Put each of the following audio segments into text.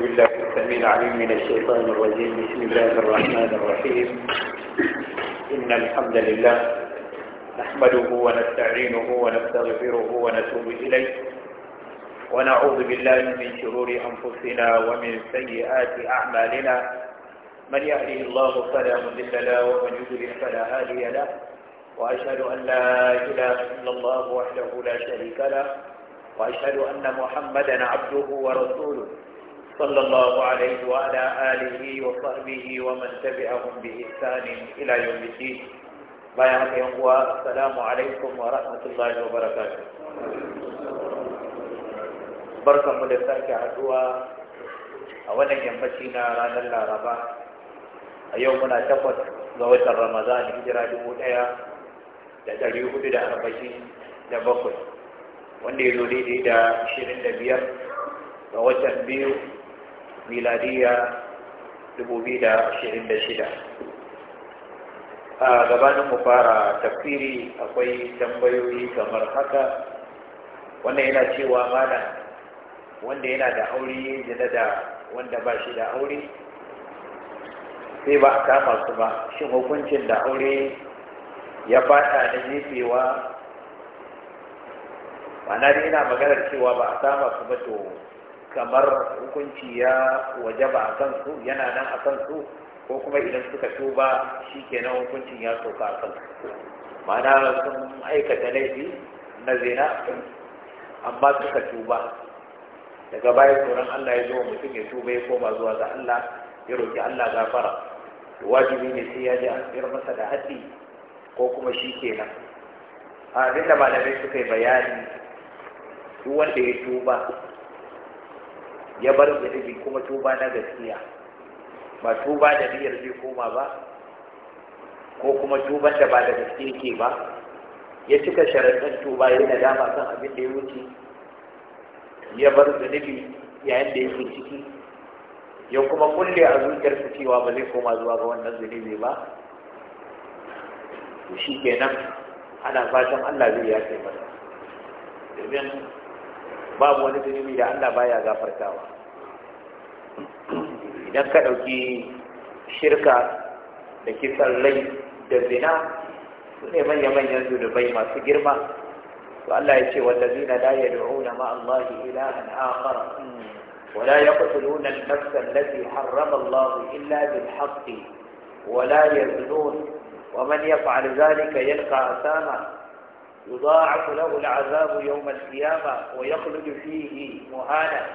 بالله السميع العليم من الشيطان الرجيم بسم الله الرحمن الرحيم إن الحمد لله نحمده ونستعينه ونستغفره ونتوب إليه ونعوذ بالله من شرور أنفسنا ومن سيئات أعمالنا من يهده الله فلا مضل له ومن يضلل فلا هادي له وأشهد أن لا إله إلا الله وحده لا شريك له وأشهد أن محمدا عبده ورسوله صلى الله عليه وعلى آله وصحبه ومن تبعهم بإحسان إلى يوم الدين بيان ينقوى السلام عليكم ورحمة الله وبركاته بركة ملساك عدوى أولا ينفشينا رانا العربة يومنا تفت زوجة رمضان هجرة جمهورية da ɗari hudu da arba'in da bakwai wanda ya zo daidai da ashirin da biyar ga watan biyu da 2026 a gabanin mu fara tafsiri akwai tambayoyi kamar haka wanda yana cewa mana wanda yana da aure yana da wanda ba shi da aure sai ba a kama su ba shin hukuncin da aure ya fata da jefewa ma'ana yana maganar cewa ba a kama su ba to kamar hukunci ya wajaba a kansu yana nan a kansu ko kuma idan suka tuba shikenan hukuncin ya sauka a kansu ma'ana sun aikata laifi na zina amma suka tuba daga baya tsoron Allah ya zo mutum ya tuba ya koma zuwa ga Allah ya roki Allah gafara wajibi ne sai ya ji an tsira masa da haddi ko kuma shi nan. a abinda malamai suka yi bayani duk wanda ya tuba ya bar zunubi kuma tuba na gaskiya ba tuba da niyyar zai koma ba ko kuma tuba da ba da gaske ke ba ya cika sharaɗin tuba ya dama kan abin da ya wuce ya bar zunubi yayin da yake ciki ya kuma kulle a su cewa ba zai koma zuwa ga wannan zunubi ba to shi kenan ana fatan Allah zai yafe masa domin babu wani zunubi da Allah baya gafartawa idan ka ɗauki shirka da kisan lai da zina su ne manya-manyan zunubai masu girma to Allah ya ce wallazina la na ma Allah ilahan akhar wa la yaqtuluna an-nafsa allati harrama Allah illa bil haqqi wa ya yaznun wa man yaf'al dhalika a sama? يضاعف له العذاب يوم القيامة ويخلد فيه مهانا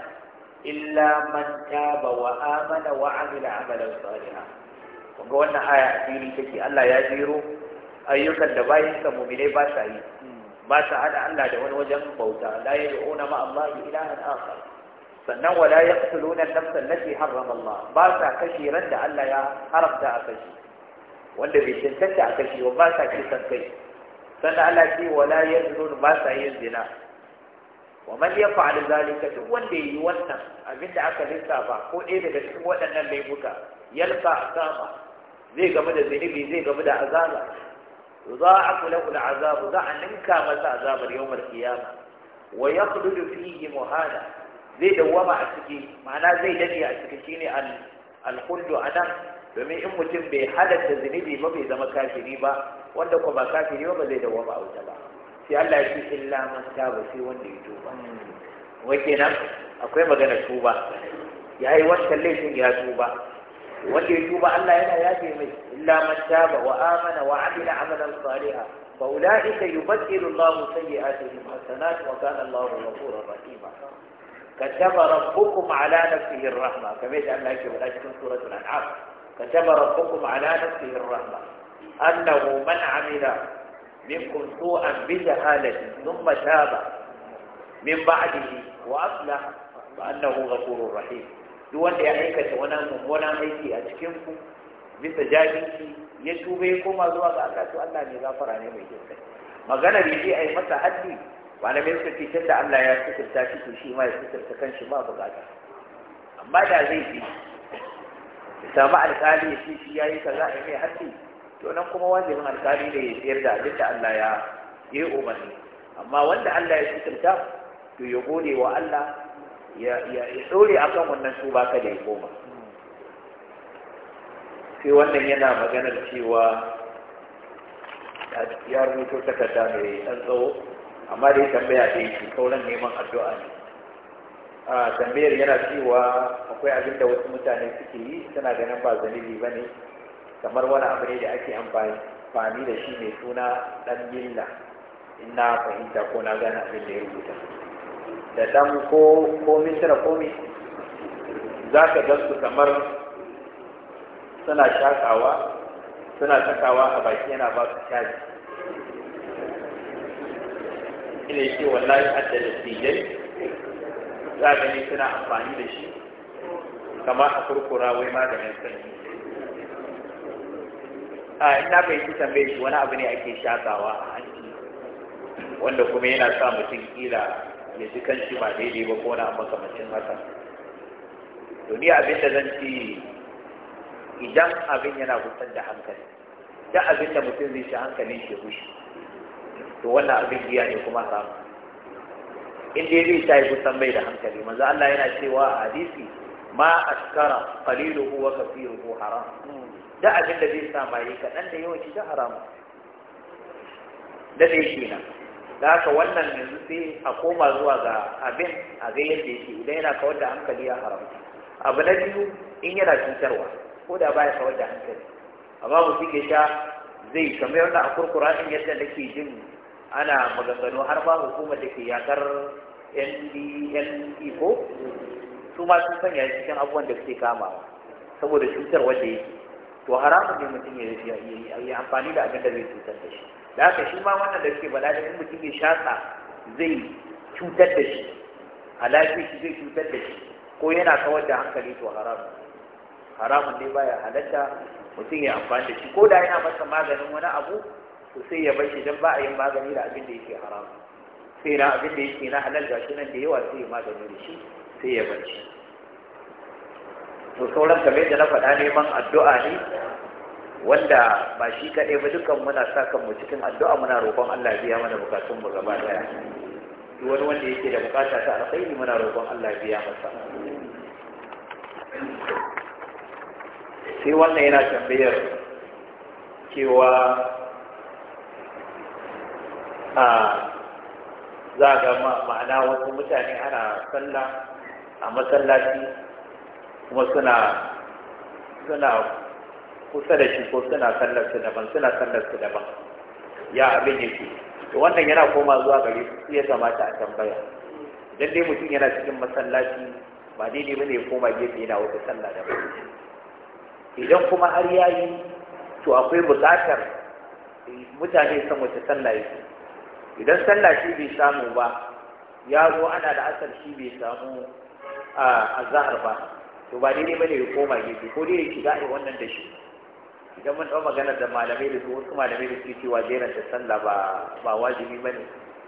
إلا من تاب وآمن وعمل عملا صالحا kunga wannan aya a fili take Allah ya jiro ayyukan da bayin sa mu'mine ba sa ba sa hada Allah da wani wajen bauta la yad'una ma Allah ilahan akhar sannan wala yaqtuluna an-nafs allati harrama Allah ba sa kashi ran da Allah ya haramta a kashi wanda bai cancanta a kashi ba sa kisan kai sannan Allah ce wala yaznun ba sa yin zina wa man yaf'al zalika duk wanda ya yi wannan abin da aka lissafa ko ɗaya daga cikin waɗannan laifuka yalka asama zai gamu da zinibi zai gamu da azaba kula kula azabu za a ninka masa azabar yawmal kiyama wa yakhludu fihi muhana zai dawwama a ciki ma'ana zai dade a ciki shine al kullu anan domin in mutum bai halatta zunubi ba bai zama kafiri ba wanda kuma ba kafiri ba zai dawo ba a ba sai Allah ya ce illa man taba sai wanda ya tuba hmm. wa kenan akwai magana tuba ya yi wancan laifin ya tuba wanda ya tuba Allah yana yafe mai illa man taba wa amana wa amila amalan saliha fa ulaika yubaddilu Allahu sayyi'atihim hasanat wa kana Allahu ghafurur rahima كتب ربكم على نفسه الرحمة كما يقول الله في سورة الأنعام كتب ربكم على نفسه الرحمة أنه من عمل منكم سوءا بجهالة ثم تاب من بعده وأصلح فأنه غفور رحيم دون يعيكة ونام ونعيكي أتكنكم bisa jahilci ya tube koma zuwa ga Allah to Allah ne gafara ne mai jinkai magana bai je ai masa haddi malamai suka ce tunda Allah ya sukurta shi to shi ma ya sukurta kanshi ba bukata amma da zai fi samu alƙali ya ce shi ya yi kaza a mai hatsi to nan kuma wajibin alƙali ne ya siyar da abin da Allah ya yi umarni amma wanda Allah ya sutunta to ya gode wa Allah ya tsore a kan wannan tuba kada ya koma sai wannan yana maganar cewa ya rubuto takarda mai ɗan tsawo amma dai tambaya da yake kauran neman addu'a ne a tambayar yana cewa akwai abin da wasu mutane suke yi suna ganin ba zanibi ba ne kamar wani abu ne da ake amfani da shi mai suna ɗan milla in na fahimta ko na gane abin da ya rubuta da dan ko komi tara komi za ka gansu kamar suna shakawa suna shakawa a baki yana ba su shaji ina ce wallahi adda da za gani suna amfani da shi kamar a kurkura wai maganin sanyi a ina bai ci tambaye shi wani abu ne ake shakawa a hanci wanda kuma yana sa mutum kila ya ji shi ba daidai ba ko na makamacin haka domin abin da zan ci idan abin yana gusar da hankali da abin da mutum zai shi hankalin shi gushi to wannan abin giya ne kuma samu in dai zai yi kusan da hankali manzo Allah yana cewa a hadisi ma askara qaliluhu wa ko haram da abin da zai sa mai kaɗan da yawan shi da haram da dai shi na da ka wannan yanzu sai a koma zuwa ga abin a ga yadda yake idan yana kawar da hankali ya haram abu na biyu in yana cutarwa ko da baya kawar da hankali amma mu ya sha zai kamar yadda a kurkura din yadda nake jin ana maganganu har ba hukumar da ke yakar NDLE ko su ma sun sanya cikin abubuwan da suke kama saboda cutar wanda yake to haramun ne mutum ya yi amfani da abin da zai cutar da shi da haka shi ma wannan da suke bala da in mutum ya shasa zai cutar da shi a lafiyar shi zai cutar da shi ko yana kawar da hankali to haramun haramun ne baya halatta mutum ya amfani da shi ko da yana masa maganin wani abu to sai ya bar shi don ba a yin magani da abin da yake haram sai na abin da yake na halal gashi nan da yawa sai ya magani da shi sai ya bar shi to sauran kamar yadda na faɗa neman addu'a ne wanda ba shi kaɗai ba dukkan muna sa kanmu cikin addu'a muna roƙon Allah ya biya mana bukatun mu gaba daya duk wani wanda yake da bukata ta alkhairi muna roƙon Allah ya biya masa sai wannan yana tambayar cewa za ga ma'ana wasu mutane ana sallah a masallaci kuma suna suna kusa da shi ko suna sallar su daban suna sallar su daban ya abin yake to wannan yana koma zuwa gari su ya kamata a tambaya idan dai mutum yana cikin masallaci ba daidai ba ne ya koma gefe yana wata sallah daban idan kuma har yayi to akwai buƙatar mutane san wata sallah yake idan sallah shi bai samu ba ya zo ana da asar shi bai samu a zahar ba to ba daidai bane ya koma gefe ko dai ya shiga a wannan da shi idan mun ɗau magana da malamai da su wasu malamai da suke cewa jeran da sallah ba ba wajibi bane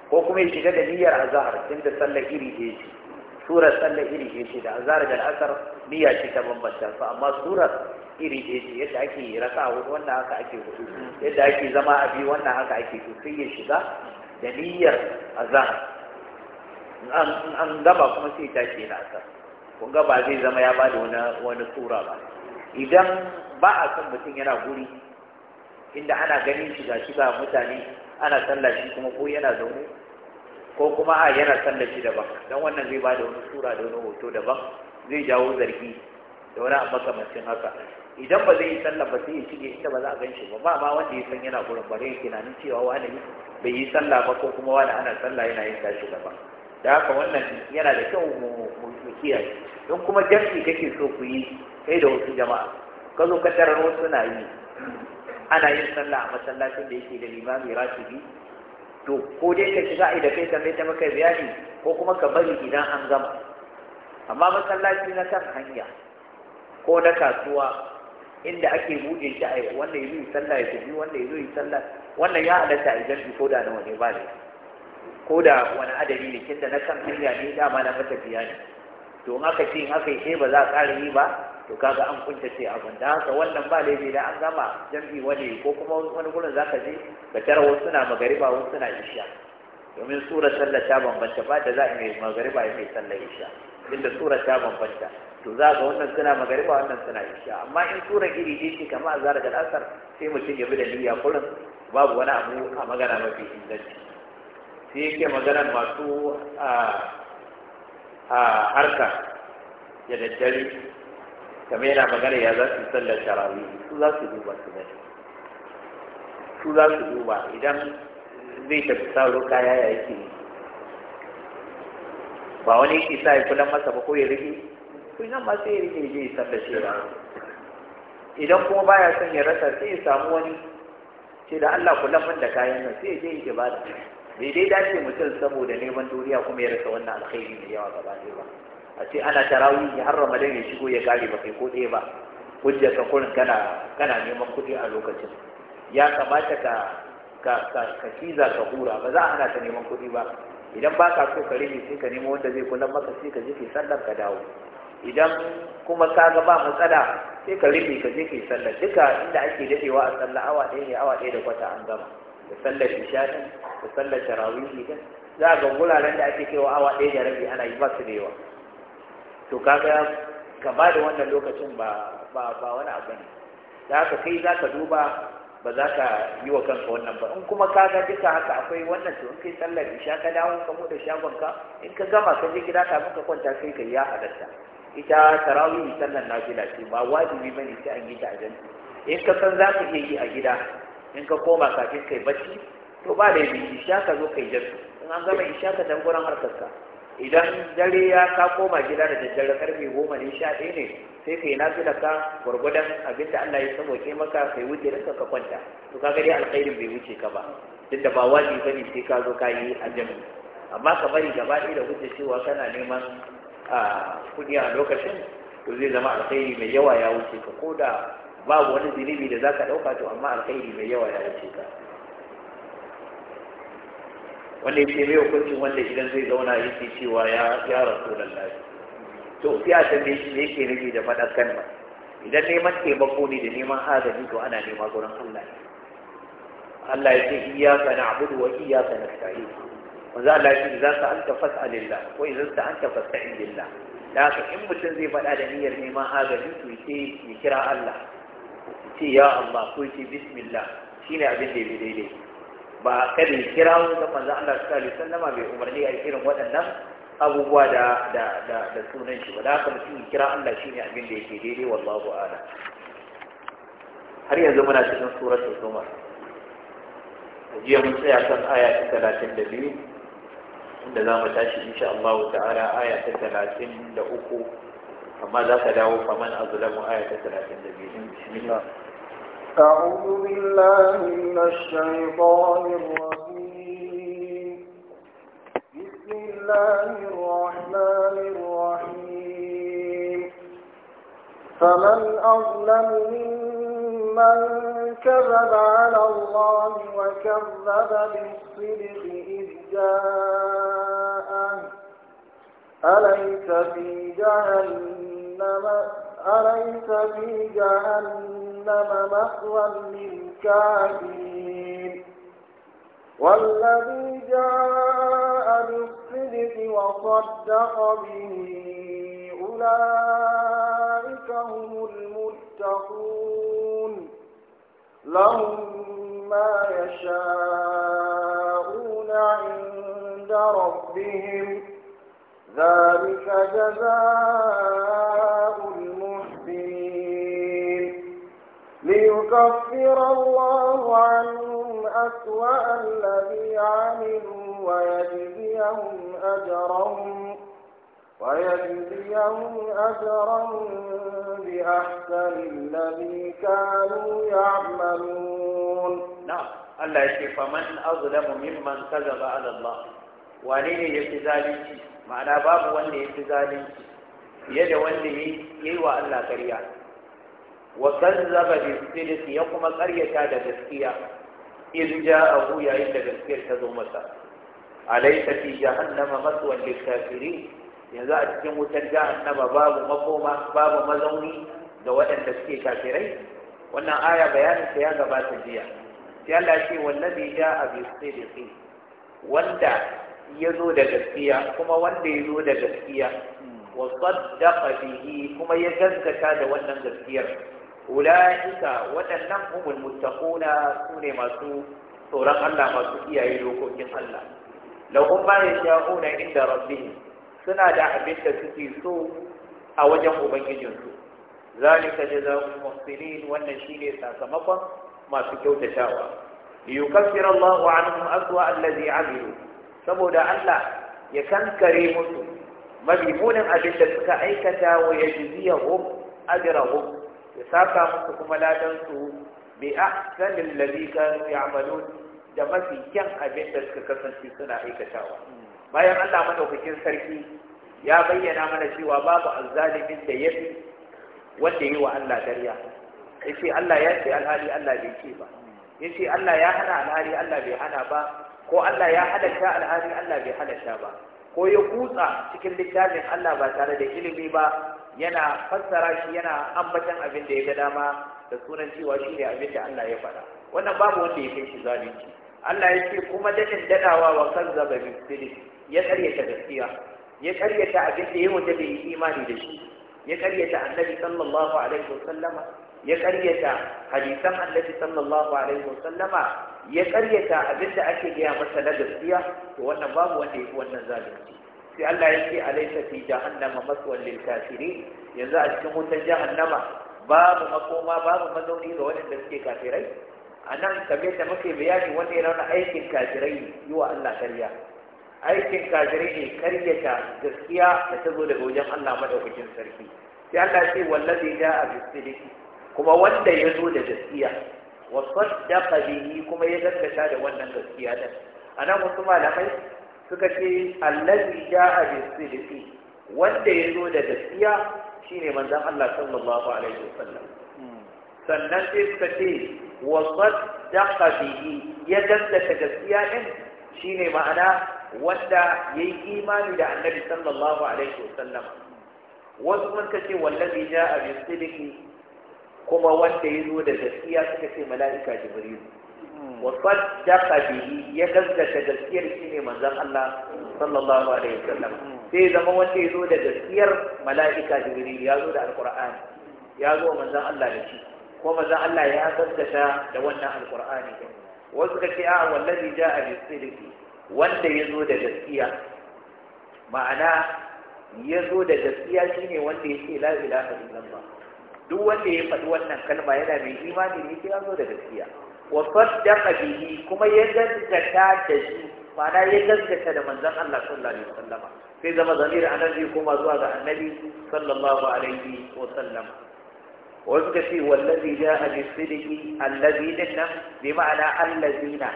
ko kuma ya shiga da niyyar azhar tun da sallah iri ɗaya ce surar sallah iri ɗaya ce da azhar da al'asar niyya ce ta bambanta su amma surar iri ɗaya ce yadda ake raka wannan haka ake hudu yadda ake zama a biyu wannan haka ake to sai ya shiga da niyyar azan an gaba kuma sai tashi na asar kun ga ba zai zama ya bada wani wani tsura ba idan ba a son mutum yana guri inda ana ganin shiga shiga mutane ana sallah shi kuma ko yana zaune ko kuma a yana sallah shi daban dan wannan zai bada wani tsura da wani hoto daban zai jawo zargi da wani abu makamancin haka idan ba zai yi sallah ba sai ya shige ita ba za a gan shi ba ba wanda ya san yana gurin bare yake na cewa wani bai yi sallah ba ko kuma wani ana sallah yana yin tashi gaba da haka wannan yana da kyau mu kiyaye don kuma jam'i kake so ku yi kai da wasu jama'a ka zo ka tarar wasu na yi ana yin sallah a masallacin da yake da limami Rashidi? to ko dai ka shiga idan kai ka mai ta maka bayani ko kuma ka bari idan an gama amma masallaci na kan hanya ko na kasuwa inda ake buɗe shi ai wanda ya yi sallah ya tafi wanda ya yi sallah wannan ya halatta a jam'i ko da wani ne ba ne ko da wani adadi ne kinda da na kan hanya ne dama na matafiya ne to in aka ce in aka yi eh, ba za a ƙara yi ba to kaga an kunta ce abin da haka wannan ba laifi da an gama jami'i wani ko kuma wani gurin za ka je ka tara wasu suna magariba wasu suna isha domin sura sallah ta bambanta ba da za a yi magariba ya mai sallah isha inda sura ta bambanta to za ga wannan suna magariba wannan suna isha amma in tura iri ne ce kamar azhar da asar sai mutum ya bi da niyya kurin babu wani abu a magana mafi inganci sai yake magana masu a harka da daddare kamar yana magana ya za su sallar sharawi su za su duba su ne su za su duba idan zai tafi saro kaya ya yake ba wani yake sa ya kula masa ba ko ya rage Kullum ma sai ya rike ya je ya sallar idan kuma baya son ya rasa sai ya samu wani ce da Allah kula min da kayan nan sai ya je ya bada. bai dai dace mutum saboda neman duniya kuma ya rasa wannan alkhairi da yawa gaba ɗaya ba a ce ana ya har ramadan ya shigo ya kare ba kai ko ɗaya ba hujjar ka kurin kana kana neman kuɗi a lokacin ya kamata ka ka ka ka kiza ka hura ba za a hana ka neman kuɗi ba idan ba ka so ka rage sai ka nemo wanda zai kula maka sai ka je ka sallar ka dawo idan kuma ka ga ba matsala sai ka rufe ka je ke sallah. duka inda ake dadewa a sallah, awa ɗaya ne awa ɗaya da kwata an gama da sallar ishaɗi da sallar tarawihi Idan za a ga wuraren da ake kaiwa awa ɗaya da rabi ana yi ba su da yawa to kaga ka ba da wannan lokacin ba ba ba wani abu ne da haka kai za ka duba ba za ka yi wa kanka wannan ba in kuma ka ga duka haka akwai wannan to in kai sallar isha ka dawo ka buɗe shagon ka in ka gama ka je gida kafin ka kwanta sai ka yi ya halatta ita tarawih sallan nafila ce ba wajibi bane sai an yi ta a jami'i in ka san za ka iya yi a gida in ka koma kafin kai bacci to ba da yi isha ka zo kai jasu in an gama isha ka dan gurin harkarka idan dare ya ka koma gida da daddare karfe goma ne sha ɗaya ne sai kai nafila ka gwargwadon abin da Allah ya saboke maka kai wuce ranka ka kwanta to kaga dai alkhairin bai wuce ka ba duk da ba wajibi bane sai ka zo ka yi a jami'i amma ka bari gaba ɗaya da hujja cewa kana neman kudi a lokacin to zai zama alkhairi mai yawa ya wuce ka ko da babu wani zunubi da za ka ɗauka to amma alkhairi mai yawa ya wuce ka wanda ya ce mai hukuncin wanda idan zai zauna ce cewa ya rasu lallai to sai a tambaye shi me yake nufi da faɗar ba, idan neman taimako ne da neman agaji to ana nema gurin Allah Allah ya ce iyaka abu da wa iyaka na nasta'in manzo Allah za ce an sa a fas'alillah ko idan sa anta fasta'ilillah da haka in mutum zai faɗa da niyyar neman agaji to yace ya kira Allah ce ya Allah ko yace bismillah shine abin da ya daidai ba kada ya kira wani da manzo Allah sallallahu alaihi wasallama bai umarni a irin waɗannan abubuwa da da da da sunan shi ba da haka mutum ya kira Allah shine abin da yake daidai wallahu a'lam har yanzu muna cikin suratul zumar jiya mun tsaya kan aya ta 32 inda za mu tashi insha Allah ta'ala aya ta talatin da uku amma za ka dawo faman azlamu aya ta talatin da biyu bismillah أعوذ بالله من الشيطان الرجيم بسم الله الرحمن الرحيم فمن أظلم ممن كذب على الله وكذب بالصدق إذ أليس في جهنم أليس في جهنم مثوى للكافرين والذي جاء بالصدق وصدق به أولئك هم المتقون لهم ما يشاءون عند ربهم ذلك جزاء المحسنين ليكفر الله عنهم أسوأ الذي عملوا ويجزيهم أجرهم ويجزيهم أجرا بأحسن الذي كانوا يعملون نعم Allah ya ce faman azlamu mimman kazaba ala Allah wani ne ya fi zalunci ma'ana babu wanda ya fi zalunci fiye da wanda ya yi wa Allah ƙarya wa kazaba bi sidqi ya kuma ƙaryata da gaskiya in ja'ahu yayin da gaskiyar ta zo masa alaysa fi jahannama maswan lil kafirin yanzu a cikin wutar jahannama babu makoma babu mazauni ga waɗanda suke kafirai wannan aya bayanin ta ya gabata jiya sai Allah ya ce wallazi ja'a wanda ya zo da gaskiya kuma wanda ya zo da gaskiya wa saddaqa bihi kuma ya gaskata da wannan gaskiyar ulaika waɗannan humul muttaquna sune masu tsoron Allah masu iyaye dokokin Allah lahum ma yasha'una inda rabbi suna da abin da suke so a wajen ubangijinsu zalika jazaa'ul muhsinin wannan shine sakamakon masu kyautatawa liyukaffira Allahu anhum Allah allazi amilu saboda Allah ya kankare musu mabimunin abin da suka aikata wa yajziyahum ajrahum ya saka musu kuma ladan su bi Lalika, ladhi kanu da mafi kyan abin da suka kasance suna aikatawa bayan Allah madaukakin sarki ya bayyana mana cewa babu azzalimin da fi wanda yi wa Allah dariya ya ce Allah ya ce alhali Allah bai ce ba ya ce Allah ya hana alhali Allah bai hana ba ko Allah ya halatta alhali Allah bai halatta ba ko ya kutsa cikin littafin Allah ba tare da ilimi ba yana fassara shi yana ambatan abin da ya ga dama da sunan cewa shi ne abin da Allah ya faɗa wannan babu wanda ya kai shi zalunci Allah ya ce kuma dadin dadawa wa kan zaba bisili ya karyata gaskiya ya karyata abin da ya wuce bai yi imani da shi ya karyata annabi sallallahu alaihi wasallama ya karyata hadisan annabi sallallahu alaihi wasallama ya karyata abinda ake gaya masa na gaskiya to wannan babu wanda yafi wannan zalunci sai Allah ya ce alaysa fi jahannama maswan lil kafirin yanzu a cikin wutar jahannama babu makoma babu mazauni ga waɗanda suke kafirai a nan kamar da muke bayani wanda ya rauna aikin kafirai yiwa yi wa Allah karya aikin kafirai ne karyata gaskiya da ta zo daga wajen Allah madaukakin sarki sai Allah ya ce wallazi ja'a bis-sidqi kuma wanda ya zo da gaskiya wa saddaqa bihi kuma ya gaskata da wannan gaskiya din anan wasu malamai suka ce allazi jaa bi sidqi wanda ya zo da gaskiya shine manzon Allah sallallahu alaihi wasallam sannan sai suka ce wa saddaqa bihi ya gaskata gaskiya din shine ma'ana wanda yayi imani da annabi sallallahu alaihi wasallam wasu mun kace wallazi jaa bi sidqi kuma wanda ya zo da gaskiya suka ce mala'ika jibril wa saddaqa bihi ya gaskata gaskiyar shi ne manzon Allah sallallahu alaihi wasallam sai zama wanda ya zo da gaskiyar mala'ika jibril ya zo da alqur'ani ya zo manzon Allah da shi Kuma manzon Allah ya gaskata da wannan alqur'ani din wasu kace a wallazi ja'a bis-sidqi wanda ya zo da gaskiya ma'ana ya zo da gaskiya shine wanda ya ce la ilaha illallah duk wanda ya faɗi wannan kalma yana mai imani ne sai ya zo da gaskiya wa saddaqa bihi kuma ya gaskata da shi ma'ana ya gaskata da manzon Allah sallallahu alaihi wasallam sai zama zamir annabi kuma zuwa ga annabi sallallahu alaihi wasallam wa suka ce wallazi jaa bi sidqi allazi dinna bi ma'ana allazina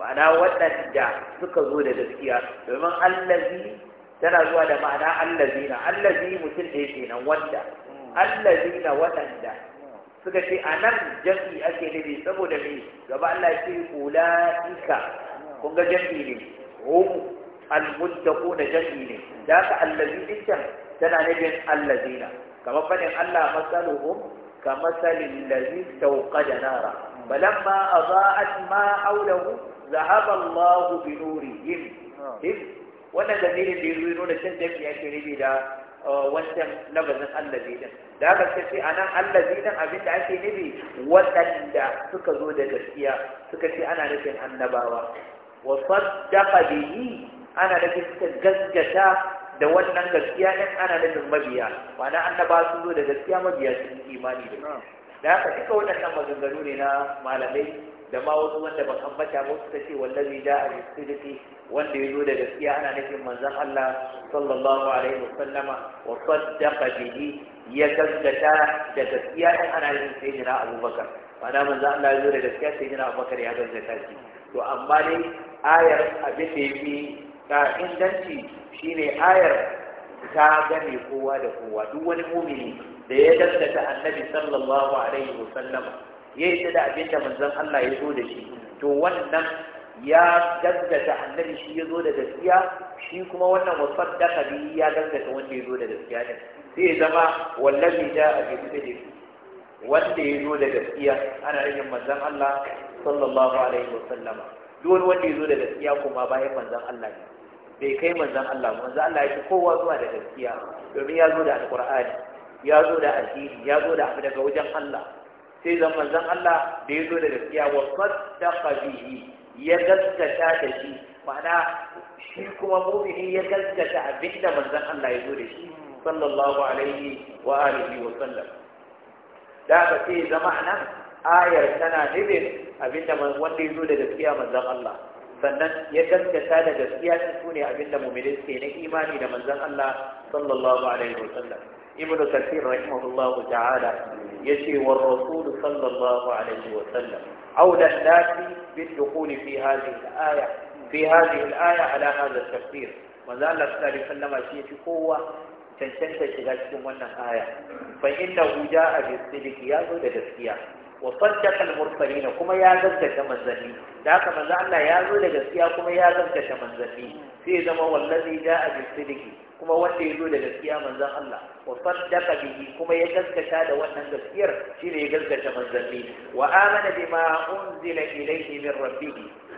ma'ana waɗanda suka zo da gaskiya domin allazi tana zuwa da ma'ana allazina allazi mutum ɗaya kenan wanda allazina waɗanda suka ce a nan jam'i ake nufi saboda me gaba Allah ya ce ulaika kun ga jam'i ne hum almuttaquna jam'i ne da ka allazi dinkan tana nufin allazina kamar fadin Allah masaluhum kamasalin lazi tawqada nara falamma adaa'at ma hawlahu dhahaba Allah bi nurihim wannan dalilin da ya nuna cin jam'i ake nufi da wancan labarin allazi din da haka sai ce anan allazi din abin da ake nufi waɗanda suka zo da gaskiya suka ce ana nufin annabawa wa saddaqa bihi ana nufin suka gaskata da wannan gaskiya din ana nufin mabiya ma'ana annaba sun zo da gaskiya mabiya sun imani da da haka duka waɗannan maganganu ne na malamai da ma wasu wanda ban ambata ba suka ce wallazi ja'a bi sidqi wanda ya zo da gaskiya ana nufin manzon Allah sallallahu alaihi wa wasallama wa saddaqa bihi ya gaskata da gaskiya dan ana nufin sayyidina Abubakar mana manzon Allah ya zo da gaskiya sayyidina Abubakar ya gaskata shi to amma dai ayar abin da yafi ka inganci shine ayar ta gane kowa da kowa duk wani mumini da ya gaskata annabi sallallahu alaihi wa sallama. ya yi da abin da manzon Allah ya zo da shi to wannan ya gaggata annabi shi ya zo da gaskiya shi kuma wannan wasan da kabi ya gaggata wanda ya zo da gaskiya ne sai zama wallahi da a gaba da shi wanda ya zo da gaskiya ana rikin manzon Allah sallallahu alaihi wa sallama duk wanda ya zo da gaskiya kuma bayan manzon Allah ne bai kai manzon Allah manzon Allah ya ce kowa zuwa da gaskiya domin ya zo da alqur'ani ya zo da addini ya zo da abu daga wajen Allah sai zan manzon Allah da ya zo da gaskiya wa saddaqa bihi ya gaskata da shi ma'ana shi kuma mu'mini ya gaskata abinda manzon Allah ya zo da shi sallallahu alaihi wa alihi wa sallam da ka sai zama nan ayar tana nufin abinda wanda ya zo da gaskiya manzon Allah sannan ya gaskata da gaskiya shi sune abinda mu'mini suke na imani da manzon Allah sallallahu alaihi wa sallam ibnu kathir rahimahullahu ta'ala ya ce wa rasulu sallallahu alaihi wa sallam aulan lafi bin dukuni fi hazin aya fi hazin aya ala hada tafsir maza Allah sallallahu sallam shi yafi kowa cancanta shiga cikin wannan aya fa inna hu ja'a bi sidiq ya zo da gaskiya wa saddaqa al kuma ya gaskata manzali da haka manzo Allah ya zo da gaskiya kuma ya gaskata manzali sai zama wallazi ja'a bi sidiq kuma wanda ya zo da gaskiya manzon Allah wa saddaqa bihi kuma ya gaskata da wannan gaskiyar shine ya gaskata manzanni wa amana bima unzila ilayhi min rabbih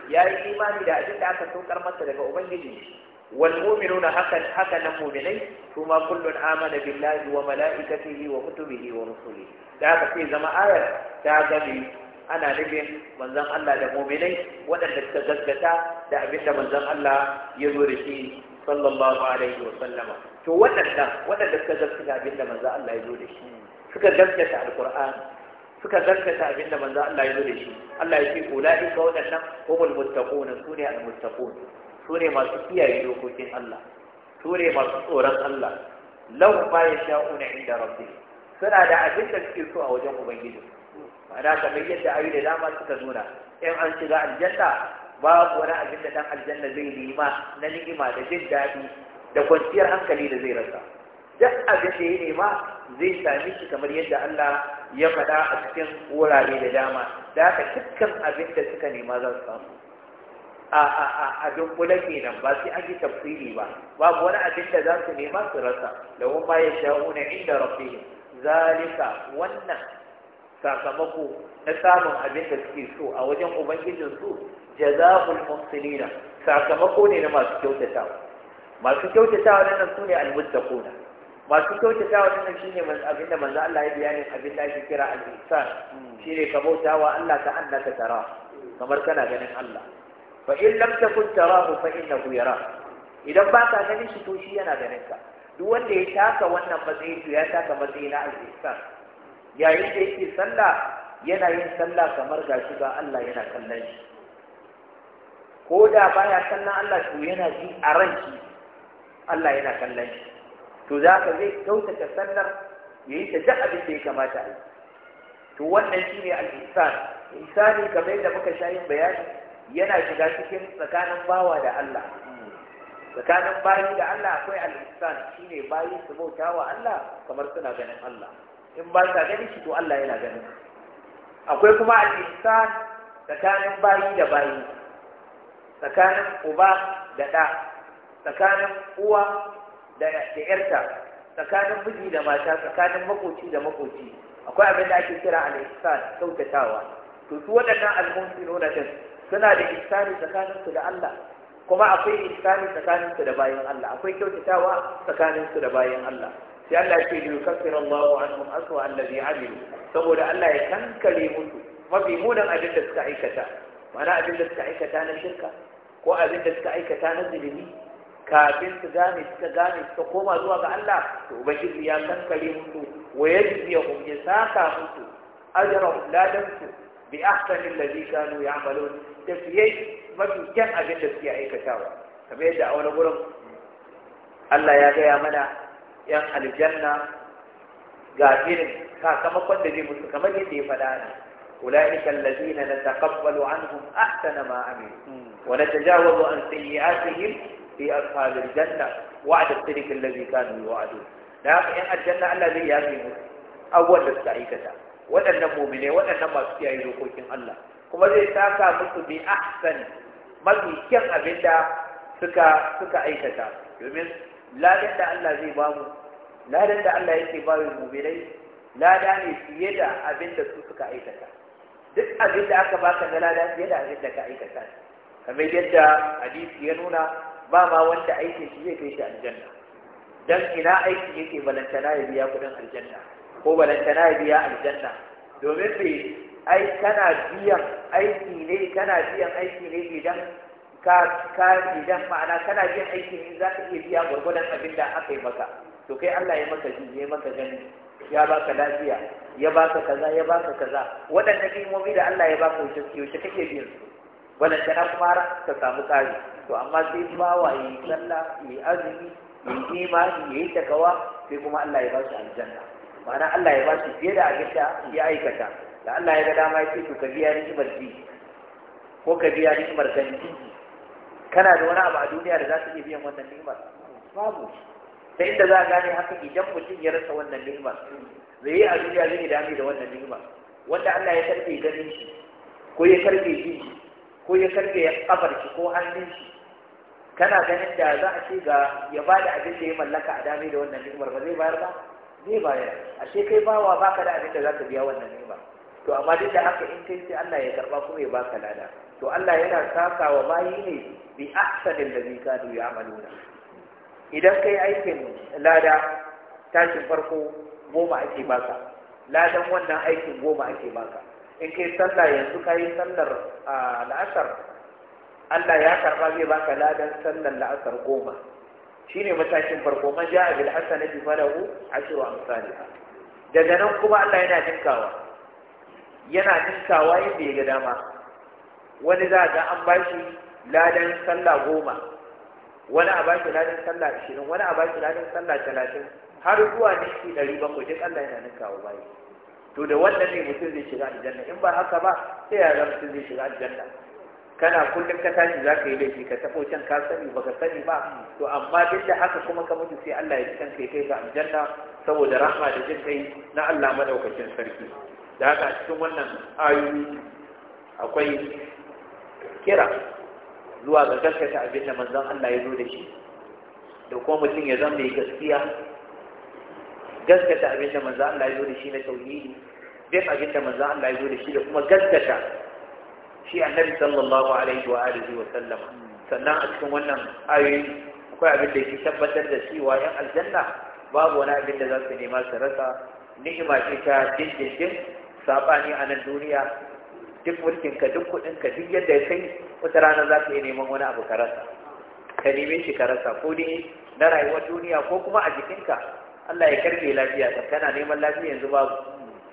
ya yi imani da abin da aka saukar masa daga ubangiji wal mu'minuna hakan nan mu'minai kuma kullun amana billahi wa mala'ikatihi wa kutubihi wa rusulihi da haka sai zama ayar ta gani ana nufin manzan Allah da muminai waɗanda suka gaskata da abin da manzan Allah ya zo da shi sallallahu alaihi wa sallama to waɗannan waɗanda suka gaskata abin da manzo Allah ya zo da shi suka gaskata alqur'ani suka gaskata abin da manzo Allah ya zo da shi Allah ya ce ulaika waɗannan humul muttaquna sune al muttaqun sune masu kiyaye dokokin Allah sune masu tsoron Allah lahu ma yasha'una inda rabbi. suna da abin da suke so a wajen ubangiji ma'ana kamar yadda ayu da dama suka nuna in an shiga aljanna babu wani abin da ɗan aljanna zai nema na ni'ima da jin daɗi da kwanciyar hankali da zai rasa duk abin da ya nema zai sami shi kamar yadda Allah ya faɗa a cikin wurare da dama da haka dukkan abin da suka nema za su samu a a a a kenan ba sai an yi tafsiri ba babu wani abin da za su nema su rasa lahum ma na inda rabbihim zalika wannan sakamako na samun abin da suke so a wajen ubangijinsu jaza'ul muhsinina sakamako ne na masu kyautata. masu kyautatawa nan sune almuttaquna masu kyautatawa nan shine abinda manzo Allah ya bayani da ake kira al-ihsan shine ka wa Allah ta annaka tara kamar kana ganin Allah fa in lam takun tarahu fa innahu yara idan ba ka ganin shi to shi yana ganin ka duk wanda ya taka wannan matsayin to ya taka matsayi na al-ihsan yayin da yake sallah yana yin sallah kamar gashi ba Allah yana kallon shi ko da baya kallon Allah to yana ji a ranki Allah yana kallon shi to za ka zai kyautata sallar ya yi ta duk abin da ya kamata a yi to wannan shi ne al'isan isani kamar yadda muka sha yin bayani yana shiga cikin tsakanin bawa da Allah tsakanin bayi da Allah akwai al'isan shi ne bayi su bauta wa Allah kamar suna ganin Allah in ba sa ganin shi to Allah yana ganin akwai kuma al'isan tsakanin bayi da bayi tsakanin uba da ɗa tsakanin uwa da yarta tsakanin miji da mata tsakanin makoci da makoci akwai abin da ake kira al kyautatawa to su waɗannan al-mu'minuna din suna da ihsani tsakanin su da Allah kuma akwai ihsani tsakanin su da bayan Allah akwai kyautatawa tsakanin su da bayan Allah sai Allah ya ce yukaffiru Allahu anhum aswa allazi amilu saboda Allah ya kankare musu mafi munan abin da suka aikata mana abin da suka aikata na shirka ko abin da suka aikata na zulumi kafin su gane ka gane ka koma zuwa ga Allah to ubangiji ya kankare musu wa yajziyahum ya saka musu ajrahum ladan su bi ahsani allazi kanu ya'malun tafiyai mafi kyan abin da suke aikatawa kamar yadda a wani gurin Allah ya gaya mana yan aljanna ga irin sakamakon da zai musu kamar yadda ya faɗa ne أولئك الذين نتقبل عنهم أحسن ما عملوا ونتجاوز عن سيئاتهم في أصحاب الجنة وعد الصدق الذي كانوا يوعدون لكن الجنة الذي يهزمون أول السعيدة وأن المؤمنين وأن ما سيئي لقوكين الله كما ذي ساكا مثل بأحسن mafi kyan abin da suka suka aikata domin ladan da Allah zai ba mu ladan da Allah yake ba mu mu'minai lada ne fiye da abin da su suka aikata duk abin da aka baka na lada fiye da abin da ka aikata kamar yadda hadisi ya nuna ba ma wanda aiki shi zai kai shi aljanna dan ina aiki yake balantana ya biya kudin aljanna ko balantana ya biya aljanna domin bai ai kana biyan aiki ne kana biyan aiki ne idan ka ka idan ma'ana kana biyan aiki ne za ka iya biya gwargwadon abin da aka yi maka to kai Allah ya maka ji ya maka gani ya baka lafiya ya baka kaza ya baka kaza waɗannan ni'imomi da Allah ya baka wuce yaushe kake biyan su wannan kana kuma ka samu kari to amma sai bawa yi sallah yi azumi yi imani yi takawa sai kuma Allah ya ba shi aljanna ma'ana Allah ya ba fiye da abinda ya aikata da Allah ya ga dama ya ce to ka biya rikimar ji ko ka biya rikimar gani kana da wani abu a duniya da za ka iya biyan wannan nimar babu ta inda za a gane haka idan mutum ya rasa wannan ni'ima zai yi a duniya zai yi dami da wannan ni'ima wanda Allah ya karfe ganin shi ko ya karfe ji shi ko ya karfe kafar shi ko hannun shi kana ganin da za a ce ga ya ba da abin da ya mallaka a dami da wannan ni'imar ba zai bayar ba zai bayar ashe kai bawa ba ka da abin da za ka biya wannan ni'ima to amma duk da haka in kai sai Allah ya karba kuma ya baka lada to Allah yana saka wa bayi ne bi ahsanil ladhi kanu ya'maluna idan ka yi aikin lada tashin farko goma ake baka ladan wannan aikin goma ake baka in kai sallah yanzu ka yi sallar la'asar Allah ya karba zai baka ladan sallar la'asar goma Shi ne matashin farko man ja'a bil hasanati falahu ashru amsalha daga nan kuma Allah yana dinkawa yana dinkawa yadda ya ga dama wani za ga an bashi ladan sallah goma wani a baki ladin sallah ashirin wani a baki ladin sallah talatin har zuwa niki ɗari bakwai duk Allah yana ninkawa bayi to da wannan ne mutum zai shiga aljanna in ba haka ba sai ya zama mutum zai shiga aljanna kana kullum ka tashi za ka yi laifi ka taɓo can ka sani ka sani ba to amma duk da haka kuma ka mutu sai Allah ya ji kanka ya kai ga aljanna saboda rahma da jin kai na Allah madaukakin sarki da haka cikin wannan ayoyi akwai kira zuwa ga gaskata abin da manzan Allah ya zo da shi da kuma mutum ya zama mai gaskiya gaskata abin da manzan Allah ya zo da shi na tauhidi bin abin da manzan Allah ya zo da shi da kuma gaskata shi annabi sallallahu alaihi wa alihi wa sallam sannan a cikin wannan ayoyi akwai abin da ke tabbatar da cewa yan aljanna babu wani abin da za su nema su rasa ni'ima ce ta dindindin saɓani a nan duniya duk mulkin ka duk kudin ka duk yadda ya kai wata rana za ka iya neman wani abu ka rasa ka neme shi ka rasa ko ne na rayuwar duniya ko kuma a jikinka Allah ya karbe lafiya ka kana neman lafiya yanzu babu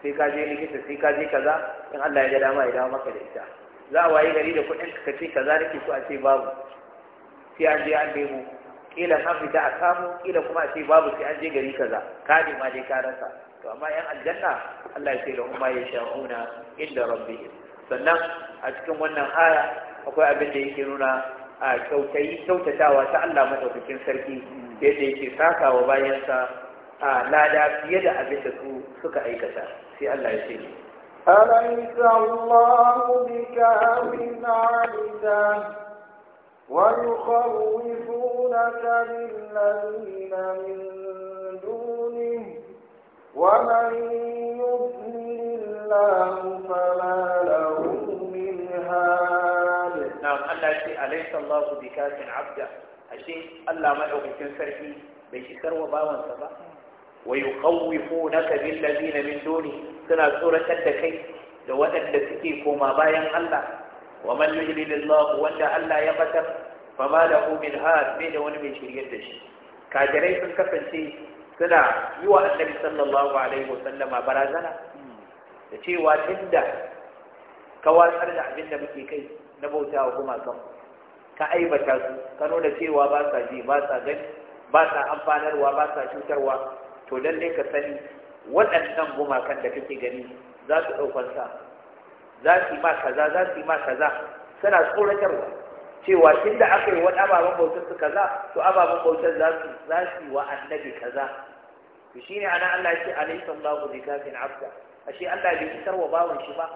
sai ka je likita sai ka je kaza in Allah ya ga dama ya dawo maka da ita za a waye gari da kudin ka ce kaza nake so a ce babu sai an je an nemo kila an fita a samu kila kuma a ce babu sai an je gari kaza ka ma dai ka rasa to amma yan aljanna Allah ya ce lahum ma yasha'una inda rabbihim sannan a cikin wannan aya akwai abin da yake nuna a kyautayi kyautatawa ta Allah madaukakin sarki da yadda yake sakawa bayansa a lada fiye da abin da su suka aikata sai Allah ya ce أليس الله بكاف عبده ويخوفونك min من دونه ومن يضلل الإسلام فما له من هاد نعم الله يقول أليس الله بكاف عبده أشيء الله معه في سرحي بيش سروا باوان سبا ويخوفونك بالذين من دونه سنة سورة الدكي لو أن تسكيكما باين الله ومن يجلل الله وأن الله يقتر فما له من هاد بين ونمي شريد كاجرين في الكفن سنة يوى النبي صلى الله عليه وسلم برازنا da cewa inda ka watsar da abin da muke kai na bautawa kuma kan ka aibata su ka nuna cewa ba sa ji ba sa gani ba sa amfanarwa ba sa cutarwa to lallai ka sani waɗannan gumakan da kake gani za su ɗaukar sa za su yi ma kaza za su yi ma kaza suna tsoratarwa cewa tun da aka yi wani ababen bautar su kaza to ababen bautar za su yi wa annabi kaza to shine ana Allah ya ce alaysa Allahu bi kafin abda ashe Allah bai isar wa bawan shi ba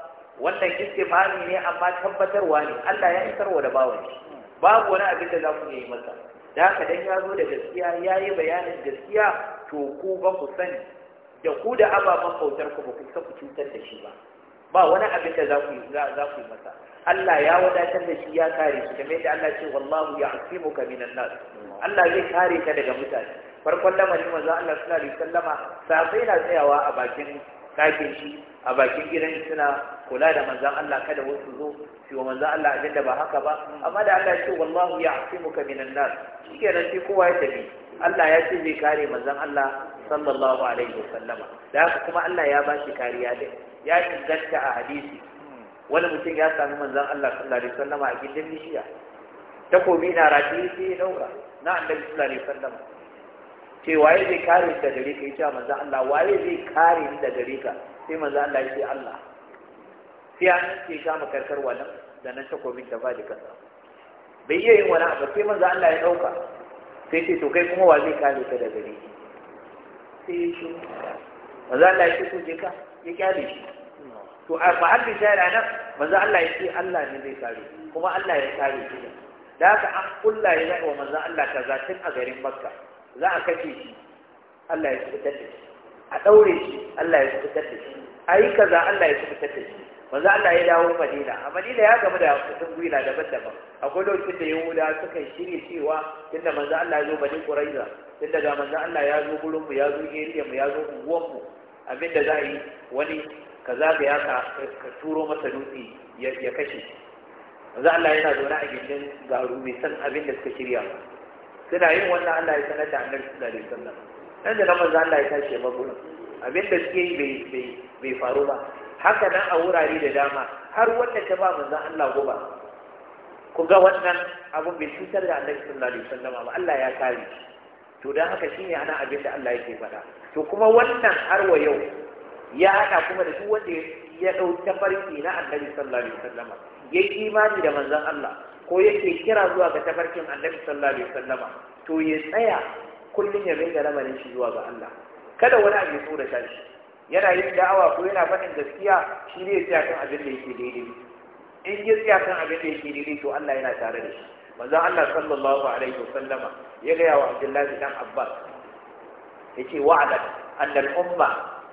wannan istifhami ne amma tabbatarwa ne Allah ya isar wa da bawan shi babu wani abin da za ku yi masa da haka dan ya zo da gaskiya ya yi bayanin gaskiya to ku ba ku sani da ku da ababen bautar ku ba ku cutar da shi ba ba wani abin da za ku yi za ku yi masa Allah ya wadatar da shi ya kare shi kamar yadda Allah ce wallahu ya'simuka minan nas Allah zai kare ka daga mutane farkon lamarin manzo Allah sallallahu alaihi wasallama sai na tsayawa a bakin ɗakin shi a bakin gidan suna kula da manzan Allah kada wasu zo su wa manzan Allah abin da ba haka ba amma da Allah ya ce wallahu ya asimuka minan nas shikenan sai kowa ya tafi Allah ya ce zai kare manzan Allah sallallahu alaihi wa sallama, da haka kuma Allah ya ba shi kariya din ya inganta a hadisi wani mutum ya sami manzan Allah sallallahu alaihi Sallama a gidan bishiya. takobi na rataye sai ya daura na annabi sallallahu alaihi Sallama. ce waye zai kare ni da gare ka yace ah, manzo Allah waye zai kare ni da gare ka sai manzo Allah yace Allah sai an ce ga karkar wannan da nan takobin da ba da kasa bai iya yin wani abu sai manzo Allah ya dauka sai ce to kai kuma wa zai kare ka da gare ki sai shi manzo Allah ya ce to je ka ya kare shi to a mahallin shari'a nan manzo Allah ya ce Allah ne zai kare kuma Allah ya kare shi da haka an kulla ya wa manzo Allah kaza tun a garin Makka za a kashe shi Allah ya fitar da shi a daure shi Allah ya fitar da shi yi kaza Allah ya fitar da shi manzo Allah ya dawo Madina a Madina ya gamu da kusan gwiwa daban-daban akwai lokacin da Yahuda suka shirye cewa tunda manzo Allah ya zo Bani Quraiza tunda ga manzo Allah ya zo gurin mu ya zo area mu ya zo unguwan mu abinda za a yi wani kaza da ya ka turo masa dutse ya kashe manzo Allah yana zaune a gindin garu mai san abin da suka shirya suna yin wannan Allah ya sanar da annabi sallallahu alaihi wasallam nan da nan manzo Allah ya tashi ba gurin abin da suke yi bai faru ba haka nan a wurare da dama har wanda ta ba manzo Allah goba ku ga wannan abin bai cutar da annabi sallallahu alaihi wasallam ba Allah ya kare to dan haka shine ana abin da Allah yake faɗa to kuma wannan har wa yau ya haɗa kuma da duk wanda ya dauki tafarki na annabi sallallahu alaihi wasallam yayi imani da manzon Allah ko yake kira zuwa ga tafarkin annabi sallallahu alaihi wasallama to ya tsaya kullum ya ringa lamarin shi zuwa ga Allah kada wani abu ya tsora shi yana yin da'awa ko yana faɗin gaskiya shi ne ya tsaya kan abin da yake daidai in ya tsaya kan abin da yake daidai to Allah yana tare da shi manzon Allah sallallahu alaihi wasallama ya ga wa Abdullahi dan Abbas yake wa'ada annal umma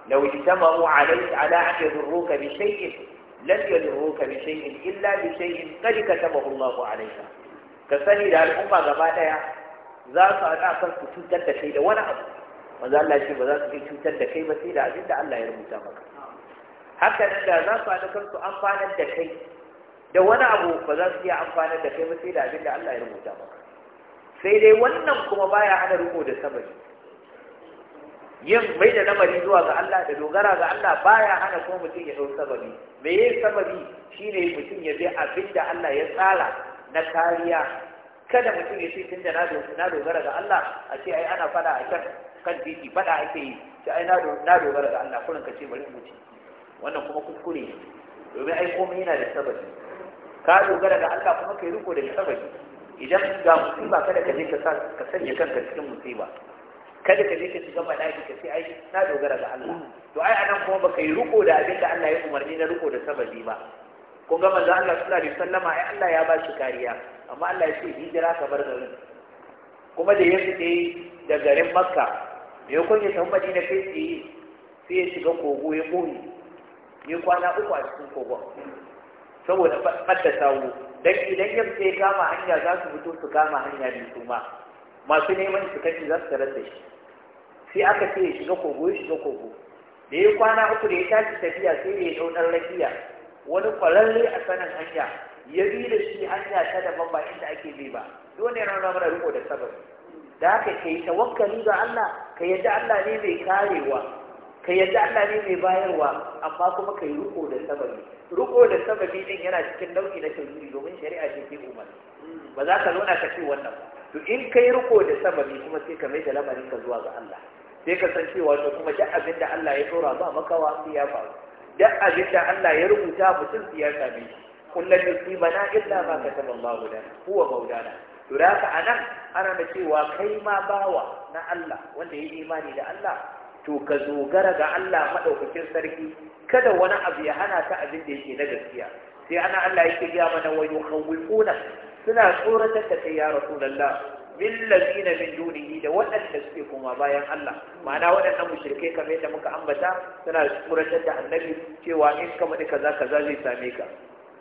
law ijtama'u alayka ala an yadurruka bi shay'in lan yadurruka bi shay'in illa bi shay'in qad katabahu Allahu alayka ka sani da al'umma gaba daya za su haɗa kan cutar da kai da wani abu manzo Allah shi ba za su kai cutar da kai ba sai da abin da Allah ya rubuta maka haka da za su haɗa kan su amfanar da kai da wani abu ba za su iya amfanar da kai ba sai da abin da Allah ya rubuta maka sai dai wannan kuma baya hana riko da sabari yin mai da lamari zuwa ga Allah da dogara ga Allah baya hana ko mutum ya ɗau sababi me yin sababi shine mutum ya bi abin da Allah ya tsara na kariya kada mutum ya ce tun da na dogara ga Allah a ce ai ana fada a kan kan titi fada ake yi ce ai na dogara ga Allah kullum ka ce bari mutu wannan kuma kuskure domin ai komai yana da sababi ka dogara ga Allah kuma kai riko da sababi idan ga musiba kada ka je ka sanya kanka cikin musiba kada ka je ka shiga bala'i ka ce ai na dogara ga Allah to ai anan kuma baka yi riko da abin da Allah ya umarni na riko da sababi ba kun ga manzo Allah sallallahu alaihi wasallama ai Allah ya ba shi kariya amma Allah ya ce hijira ka bar garin kuma da ya fite da garin Makka me kun ya san Madina kai tsaye sai ya shiga kogo ya boye ya kwana uku a cikin kogon saboda fadda sawu dan idan ya kama hanya za su fito su kama hanya ne su ma masu neman su kashi za su tarar da shi sai aka ce ya shiga kogo ya shiga kogo da ya kwana uku da ya tashi tafiya sai ya dau dan rakiya wani kwararre a sanin hanya ya bi da shi hanya ta daban ba inda ake bi ba dole ne ranar mana riko da sababi da ce kai tawakkali ga Allah ka yadda Allah ne mai karewa ka yadda Allah ne mai bayarwa amma kuma kai riko da sababi riko da sababi din yana cikin nau'i na tauri domin shari'a ce ke umar ba za ka zauna ka ce wannan to in kai riko da sababi kuma sai ka mai da lamarin ka zuwa ga Allah sai ka san cewa to kuma duk abin da Allah ya dora ba makawa sai ya faru duk abin da Allah ya rubuta mutum sai ya same shi kullum yusibana illa ma kataba Allah lana huwa maulana to da haka anan ana da cewa kai ma bawa na Allah wanda ya yi imani da Allah to ka zogara ga Allah madaukakin sarki kada wani abu ya hana ta abin da yake na gaskiya sai ana Allah yake ya mana wa yukhawifuna suna tsoratar da kai ya rasulullah billazina min dunihi da waɗanda suke kuma bayan Allah ma'ana waɗannan mushrikai kamar yadda muka ambata suna tsoratar da annabi cewa in ka mudi kaza kaza zai same ka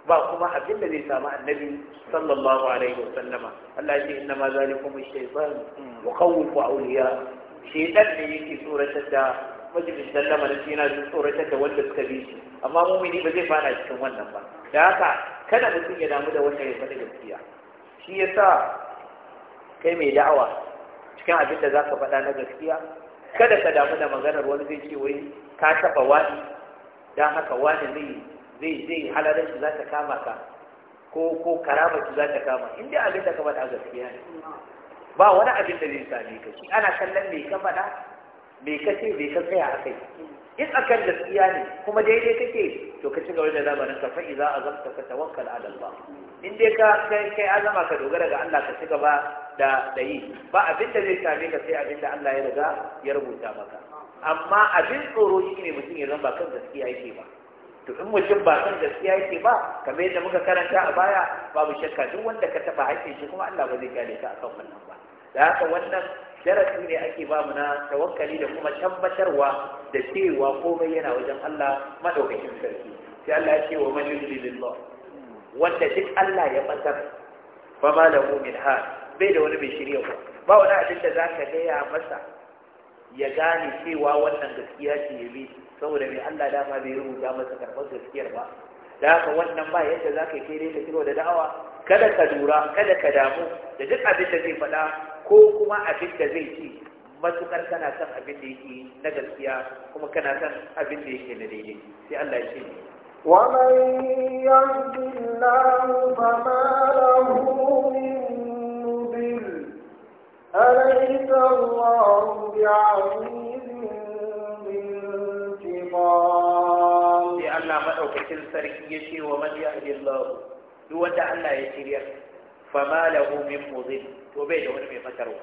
ba kuma abin da zai samu annabi sallallahu alaihi wa sallama Allah ya ce inna ma zalikum ash-shaytan yukhawwifu awliya shaytan ne yake tsoratar da majibin sallama da yana tsoratar da wanda suka bi shi amma mumini ba zai fara cikin wannan ba da haka kada mutum ya damu da wannan ya faɗi gaskiya shi yasa kai mai da'awa cikin abin da za ka faɗa na gaskiya kada ka damu da maganar wani zai ce wai ka taɓa wani don haka wani zai zai zai za ta kama ka ko ko karama shi za ta kama in dai abin da ka faɗa gaskiya ne ba wani abin da zai sami ka shi ana kallon me ka faɗa me ka ce me ka tsaya a kai in akan gaskiya ne kuma daidai kake to ka ci gaba da lamarin ka fa'i za a zama ka tawakkal ala Allah in dai ka kai kai azama ka dogara ga Allah ka ci gaba da da yi ba abin da zai same ka sai abin da Allah ya riga ya rubuta maka amma abin tsoro shi ne mutum ya zama kan gaskiya yake ba to in mutum ba kan gaskiya yake ba kamar yadda muka karanta a baya babu shakka duk wanda ka taba haƙƙin shi kuma Allah ba zai kyale ka akan wannan ba da haka wannan darasi ne ake ba mu na tawakkali da kuma tabbatarwa da cewa komai yana wajen Allah madaukakin sarki sai Allah ya ce wa man yudlilillah wanda duk Allah ya batar fa ma lahu min had bai da wani mai shirya ba ba wani abin da zaka gaya masa ya gane cewa wannan gaskiya ce bi saboda mai Allah dama bai rubuta masa karɓar gaskiyar ba da haka wannan ba yadda za ka kai dai da da'awa kada ka lura kada ka damu da duk abin da zai faɗa ko kuma abin da zai ci matukar kana san abin da yake na gaskiya kuma kana san abin da yake na daidai sai Allah ya ce wa man ومن يهد الله فما له من مضل أليس sai Allah madaukakin sarki ما أوكت السرقية ومن يهد duk wanda Allah ya يشريه fa ma lahu min muzil to bai da wani mai fatarwa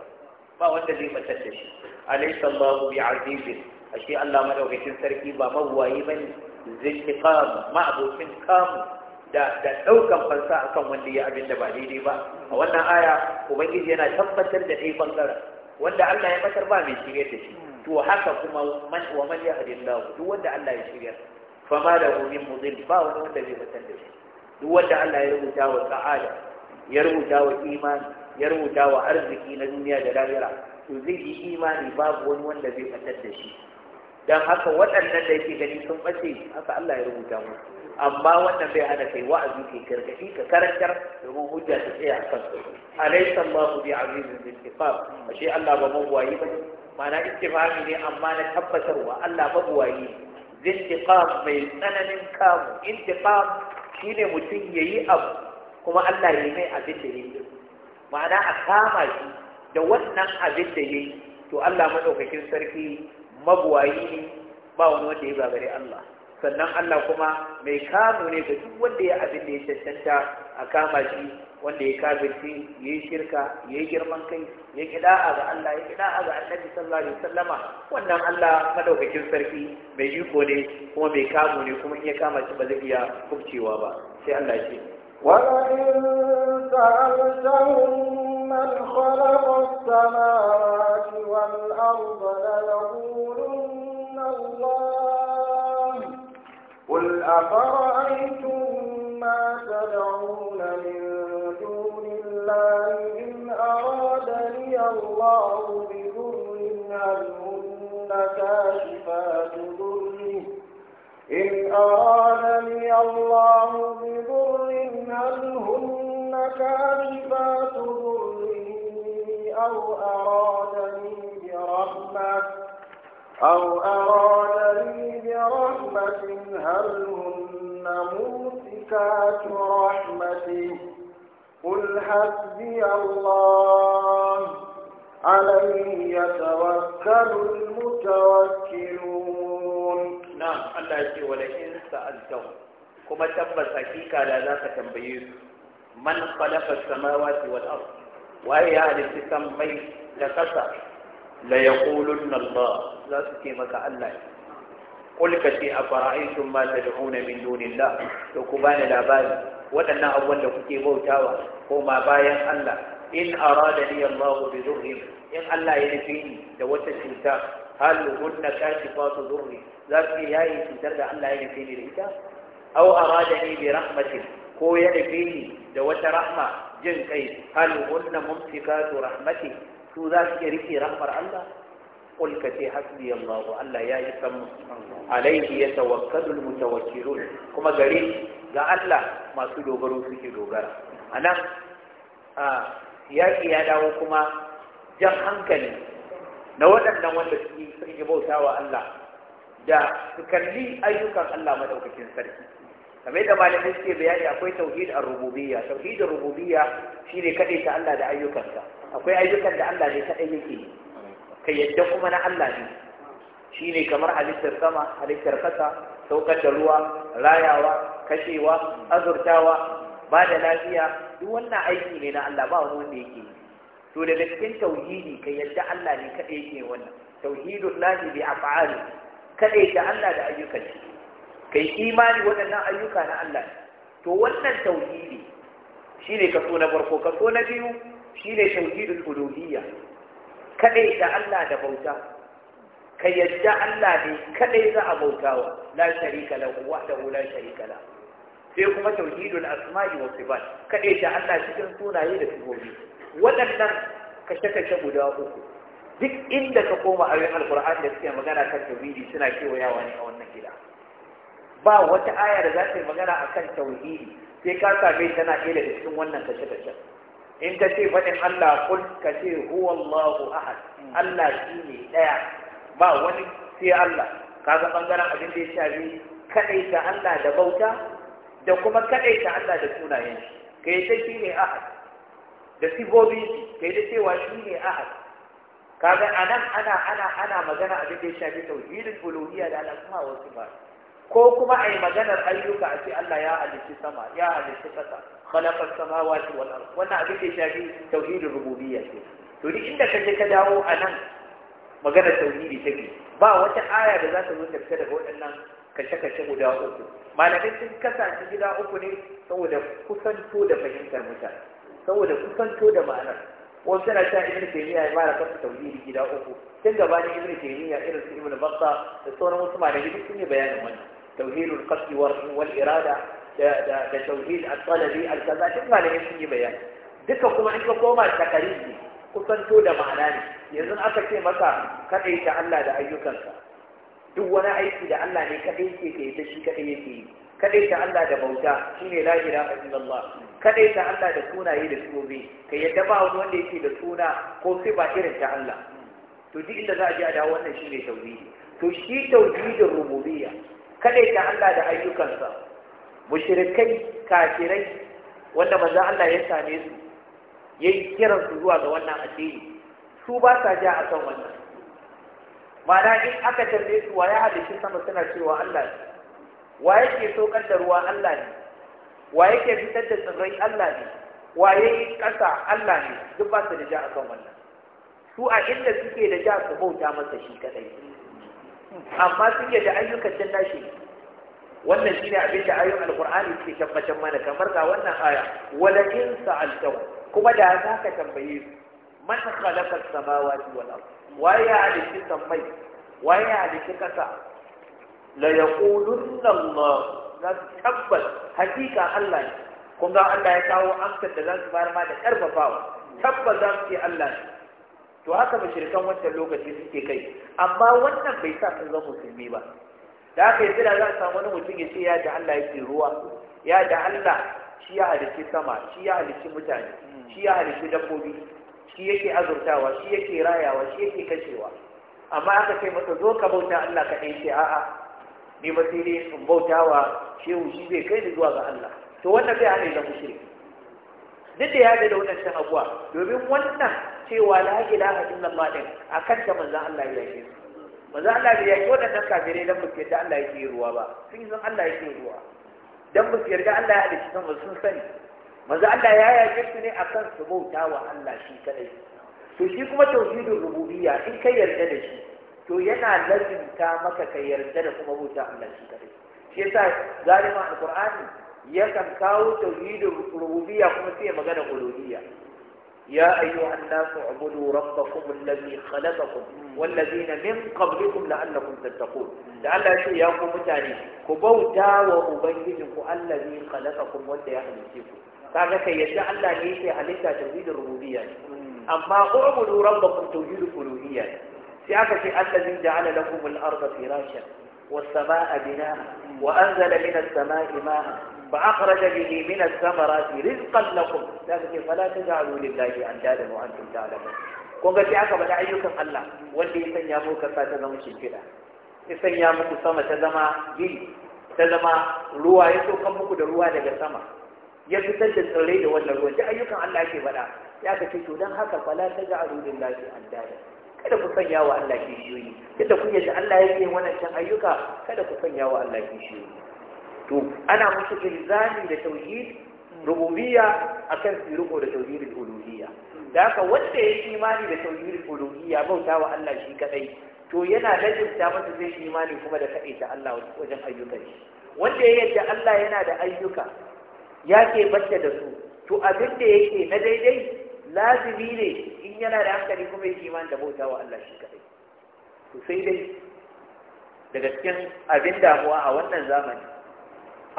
ba wanda zai fatar da shi alaysa Allahu bi azizin ashe Allah madaukakin sarki ba mawwayi bane zintiqam ma'busin kamu da da daukan fansa akan wanda ya abin da ba daidai ba a wannan aya ubangiji yana tabbatar da dai bangaren wanda Allah ya matar ba mai shirye da shi to haka kuma man wa man yahdillahu duk wanda Allah ya shirye fa ma da min mudil ba wani wanda zai matar da shi duk wanda Allah ya rubuta wa sa'ada ya rubuta wa imani ya rubuta wa arziki na duniya da lahira to zai yi imani babu wani wanda zai fatar da shi dan haka waɗannan da yake gani sun bace haka Allah ya rubuta mu amma wannan bai hana kai wa'azi kai gargadi ka karantar domin hujja ta tsaya a kan alaysa Allahu bi azizin bil iqab shi Allah ba mawwayi ba ma'ana istifhami ne amma na tabbatarwa Allah ba mawwayi zintiqam mai tsananin kamu intiqam shine mutum yayi abu kuma Allah ya mai abin da ya yi ma'ana a kama shi da wannan abin da ya yi to Allah maɗaukakin sarki mabuwayi ne ba wani wanda ya gagare Allah sannan Allah kuma mai kano ne ga duk wanda ya abin da ya cancanta a kama shi wanda ya kafirci ya yi shirka ya yi girman kai ya ki da'a ga Allah ya ki da'a ga annabi sallallahu alaihi wasallama wannan Allah madaukakin sarki mai iko ne kuma mai kamo ne kuma in ya kama shi ba zai iya kubcewa ba sai Allah ya ce ولئن سألتهم من خلق السماوات والأرض ليقولن الله قل أفرأيتم ما تدعون من دون الله إن أرادني الله بضر هل هن كاشفات ضر إن أرادني الله بضر هل هن كاشفات ضره أو أرادني برحمة أو أرادني برحمة هل هن ممسكات رحمتي قل حسبي الله عليه يتوكل المتوكلون na Allah ya ce wala in sa'altahu kuma tabbas hakika da za ka tambaye su man khalaqa samawati wal ard waye ya halitta sammai da kasa la yaqulunna Allah za su ce maka Allah qul ka ce afara'aytum ma tad'una min dunillah to ku bani labari waɗannan abubuwan da kuke bautawa ko ma bayan Allah in aradani Allah bi dhurri in Allah ya nufi da wata cuta hal hunna kashifatu dhurri za su iya yayi cutar da Allah ya nufi ni da ita aw ni bi rahmatin ko ya nufi ni da wata rahma jin kai hal hunna mumsikatu rahmati su za su iya rike rahmar Allah qul ka ce hasbi Allah Allah ya yi san alaihi yatawakkalul mutawakkilun kuma gare ga Allah masu dogaro suke dogara anan a yaƙi ya dawo kuma jan hankali na waɗannan wanda suke sun bauta wa Allah da su kalli ayyukan Allah madaukakin sarki kamar da malamai suke bayani akwai tauhid ar-rububiyya tauhid ar-rububiyya shine kadai ta Allah da ayyukansa akwai ayyukan da Allah ne kadai yake kai yadda kuma na Allah ne shine kamar halittar sama halittar kasa saukar da ruwa rayawa kashewa azurtawa ba da lafiya duk wannan aiki ne na Allah ba wani wanda yake to da cikin tauhidi kai yadda Allah ne kadai yake wannan tauhidullahi bi af'ali kaɗai da Allah da ayyukan shi kai imani waɗannan ayyuka na Allah to wannan tauhidi shine kaso na farko kaso na biyu shine tauhidul uluhiyya kaɗai da Allah da bauta ka yadda Allah ne kaɗai za a bautawa la sharika lahu wahdahu la sharika lahu sai kuma tauhidul asma'i wa sifat kaɗai da Allah cikin sunaye da sifofi waɗannan kashe-kashe guda uku duk inda ka koma a yin alkur'an da suke magana kan tauhidi suna kewayawa ne a wannan gida ba wata aya da za ta yi magana a kan tauhidi sai ka same tana ɗaya daga cikin wannan kashe kashe in ka ce faɗin Allah kul ka ce huwa Allahu ahad Allah shi ne ɗaya ba wani sai Allah kaga bangaren abin da ya shafi kaɗaita Allah da bauta da kuma kaɗaita Allah da sunayen shi kai ta shi ne ahad da ka kai ta cewa shi ne ahad kaga anan ana ana ana magana abin da ya shafi tauhidin uluhiyya da kuma wa ba. ko kuma ai maganar ayyuka a ce Allah ya halicci sama ya halicci kasa khalaqa samawati wal ard wannan abin da ya shafi tauhidin rububiyya ce to duk inda kaje ka dawo anan maganar tauhidi take ba wata aya da za ta zo ta fita daga waɗannan kashe-kashe guda uku malamai sun kasance gida uku ne saboda kusanto da fahimtar mutane saboda kusanto da ma'anar wasu yana cewa ibn taymiya ya mara kafa tauhidi gida uku tun gabanin ibn taymiya irin su ibn batta da sauran wasu malami duk sun yi bayanin wannan tauhidul qasdi wal irada da da da tauhid al-talabi al-kaza duk malami sun yi bayani duka kuma in ka koma takariri kusanto da ma'ana ne yanzu aka ce maka kadai ta Allah da ayyukansa duk wani aiki da Allah ne kadai ke kai ta shi kadai yake yi kadai ta Allah da bauta shine la ilaha illallah kadai ta Allah da sunaye da sunobi ka yadda ba wani wanda yake da suna ko sai ba irin ta Allah to duk inda za a ji a dawo wannan ne tauhidi to shi tauhidin rububiyya kadai ta Allah da ayyukansa mushrikai kafirai wanda manzo Allah ya same su yayi kiran su zuwa ga wannan addini su ba sa ja a kan wannan ma'ana in aka tambaye su wa ya halishi sama suna cewa Allah wa yake saukar da ruwa Allah ne wa yake fitar da tsirrai Allah ne wa yayi ƙasa Allah ne duk ba su da ja akan wannan su a inda suke da ja su bauta masa shi kadai amma suke da ayyukan can nashi wannan shine abin da ayoyin alqur'ani suke tabbatar mana kamar ga wannan aya wala in sa'altahu kuma da za ka tambaye su man khalaqa as-samawati wal ard wa ya halitta samai wa ya kasa la yaqulunna Allah za tabbas hakika Allah ne kun ga Allah ya kawo amsar da zasu su ma da karfafawa tabbas za su ce Allah ne to haka mushrikan wancan lokaci suke kai amma wannan bai sa sun zama musulmi ba da haka yanzu da za a samu wani mutum ya ce ya da Allah yake ruwa ya da Allah shi ya halicci sama shi ya halicci mutane shi ya halicci dabbobi shi yake azurtawa shi yake rayawa shi yake kashewa amma aka ce masa zo ka bauta Allah ka ɗaya ce a'a ni ba sai dai in bautawa shehu shi zai kai ni zuwa ga Allah to wannan bai hana da mushriki duk da ya da wannan san abuwa domin wannan cewa la ilaha illallah din akan ta manzo Allah ya yi manzo Allah ya yi wannan kafirai dan muke da Allah yake ruwa ba sun san Allah yake ruwa dan muke yarda Allah ya halice san sun sani manzo Allah ya yake su ne akan su bautawa Allah shi kadai to shi kuma tauhidul rububiyya in kai yarda da shi to yana lazimta maka ka yarda da kuma bauta Allah shi kadai shi yasa zalima alqur'ani yakan kawo tauhidin rububiyya kuma sai magana uluhiyya يا أيها الناس اعبدوا ربكم الذي خلقكم والذين من قبلكم لعلكم تتقون ku شيء يا قوم تاني كبوتا وأبينكم الذي خلقكم والذي يحلفكم kaga kai yadda Allah ne yake halitta tauhidin rububiyya hmm. amma ku ubudu rabbakum tauhidul uluhiyya sai aka ce allazi ja'ala lakum al-ardha firashan was-samaa'a binaa'a wa anzala min as-samaa'i ma'a fa akhraja bihi min ath-thamarati rizqan lakum da kake fala taj'alu lillahi andadan wa antum ta'lamun kun ga sai aka bada ayyukan Allah wanda ya sanya mu kasa ta zama shimfiɗa ya sanya muku sama ta zama gini ta zama ruwa ya saukan muku da ruwa daga sama ya fitar da tsirrai da wannan ruwan da ayyukan Allah ke faɗa ya ka ce to don haka fala ta ga arudin an dada kada ku sanya wa Allah kishiyoyi yadda kun yadda Allah yake can ayyuka kada ku sanya wa Allah kishiyoyi to ana musu ilzami da tauhid rububiyya akan su da tauhid uluhiyya da haka wanda ya imani da tauhid uluhiyya bauta wa Allah shi kadai to yana lajibta masa zai imani kuma da kaɗai ta Allah wajen ayyuka. shi wanda ya yadda Allah yana da ayyuka ya ke bacce da su to abin da yake na daidai lazimi ne in yana da hankali kuma yake iman da bauta wa Allah shi kadai to sai dai daga cikin abin damuwa a wannan zamani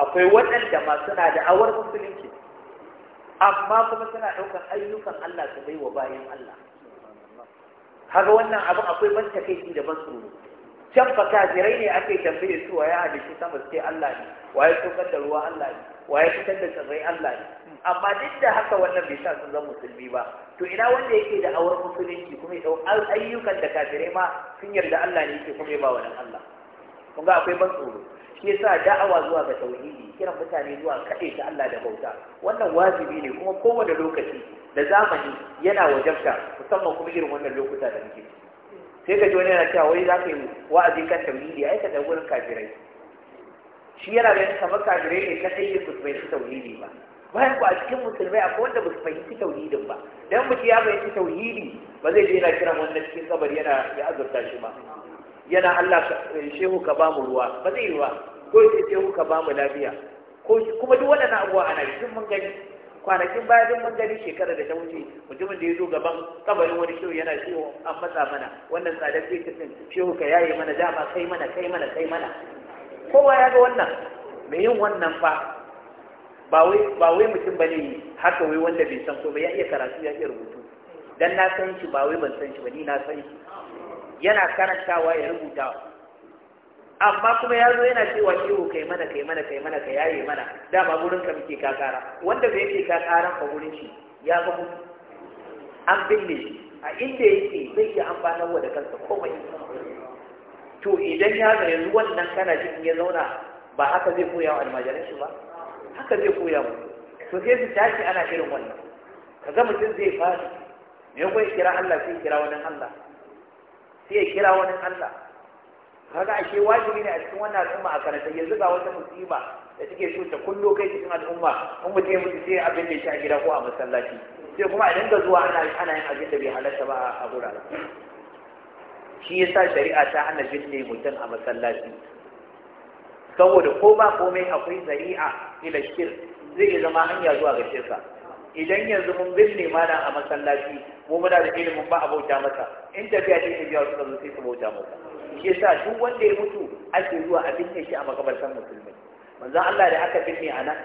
akwai waɗanda ma suna da awar musulunci amma kuma suna ɗaukar ayyukan Allah su bai wa bayan Allah haka wannan abin akwai ban takaici da ban tsoro can fa kafirai ne ake tambaye su wa ya halishi sama sai Allah ne wa ya tokar da ruwa Allah ne waye fitar da tsirrai Allah ne amma duk da haka wannan bai sa sun zama musulmi ba to ina wanda yake da awar musulunci kuma ya ayyukan da kafirai ma sun yarda Allah ne yake kuma ya ba nan Allah kun ga akwai ban tsoro shi yasa da'awa zuwa ga tauhidi kiran mutane zuwa kaɗai ta Allah da bauta wannan wajibi ne kuma kowane lokaci da zamani yana wajabta musamman kuma irin wannan lokuta da muke sai ka ji wani yana cewa wai za ka yi wa'azi kan tauhidi ya ka da kafirai shi yana da ganin kamar kafirai ne sai da su fahimci tauhidi ba bayan ku a cikin musulmai akwai wanda ba su fahimci tauhidin ba dan mutum ya fahimci tauhidi ba zai je yana kiran wannan cikin kabari yana ya azurta shi ba yana Allah eh, shehu ka ba mu ruwa ba zai yi ba ko sai shehu ka ba mu lafiya kuma duk wannan abubuwa ana cikin mun gani kwanakin baya duk mun gani shekarar da ta wuce mutumin da ya zo gaban kabarin wani shehu yana shehu an matsa mana wannan tsadar fetur shehu ka yaye mana dama kai mana kai mana kai mana kowa ya ga wannan me yin wannan fa ba wai mutum ba ne haka wai wanda bai san komai ya iya karatu ya iya rubutu dan na san shi ba wai ban san shi ba ni na san shi yana karantawa ya rubuta amma kuma ya zo yana cewa shehu kai mana kai mana kai mana kai yaye mana dama gurin ka muke kara wanda bai yake kara ba gurin shi ya ga mu an binne shi a inda yake zai iya amfanar wa da kansa komai to idan ya ga yanzu wannan kana jin ya zauna ba haka zai koya wa almajiran shi ba haka zai koya mu to sai su tashi ana irin wannan kaga mutum zai fara me ko kira Allah sai kira wani Allah sai ya kira wani Allah kaga ashe wajibi ne a cikin wannan al'umma a karanta yanzu ga wata musiba da take so ta kullo kai cikin al'umma in mutum ya mutu sai abin da ya sha gida ko a masallaci sai kuma a dinga zuwa ana ana yin abin da bai halarta ba a gurare shi sa shari'a ta hana binne mutum a masallaci saboda ko ba komai akwai zari'a ila shir zai zama hanya zuwa ga shirka idan yanzu mun binne mana a masallaci mu muna da ilimin ba a bauta masa in tafiya ce ta biya suka sai su bauta masa shi sa duk wanda ya mutu ake zuwa a binne shi a makabartan musulmi manzo Allah da aka binne a nan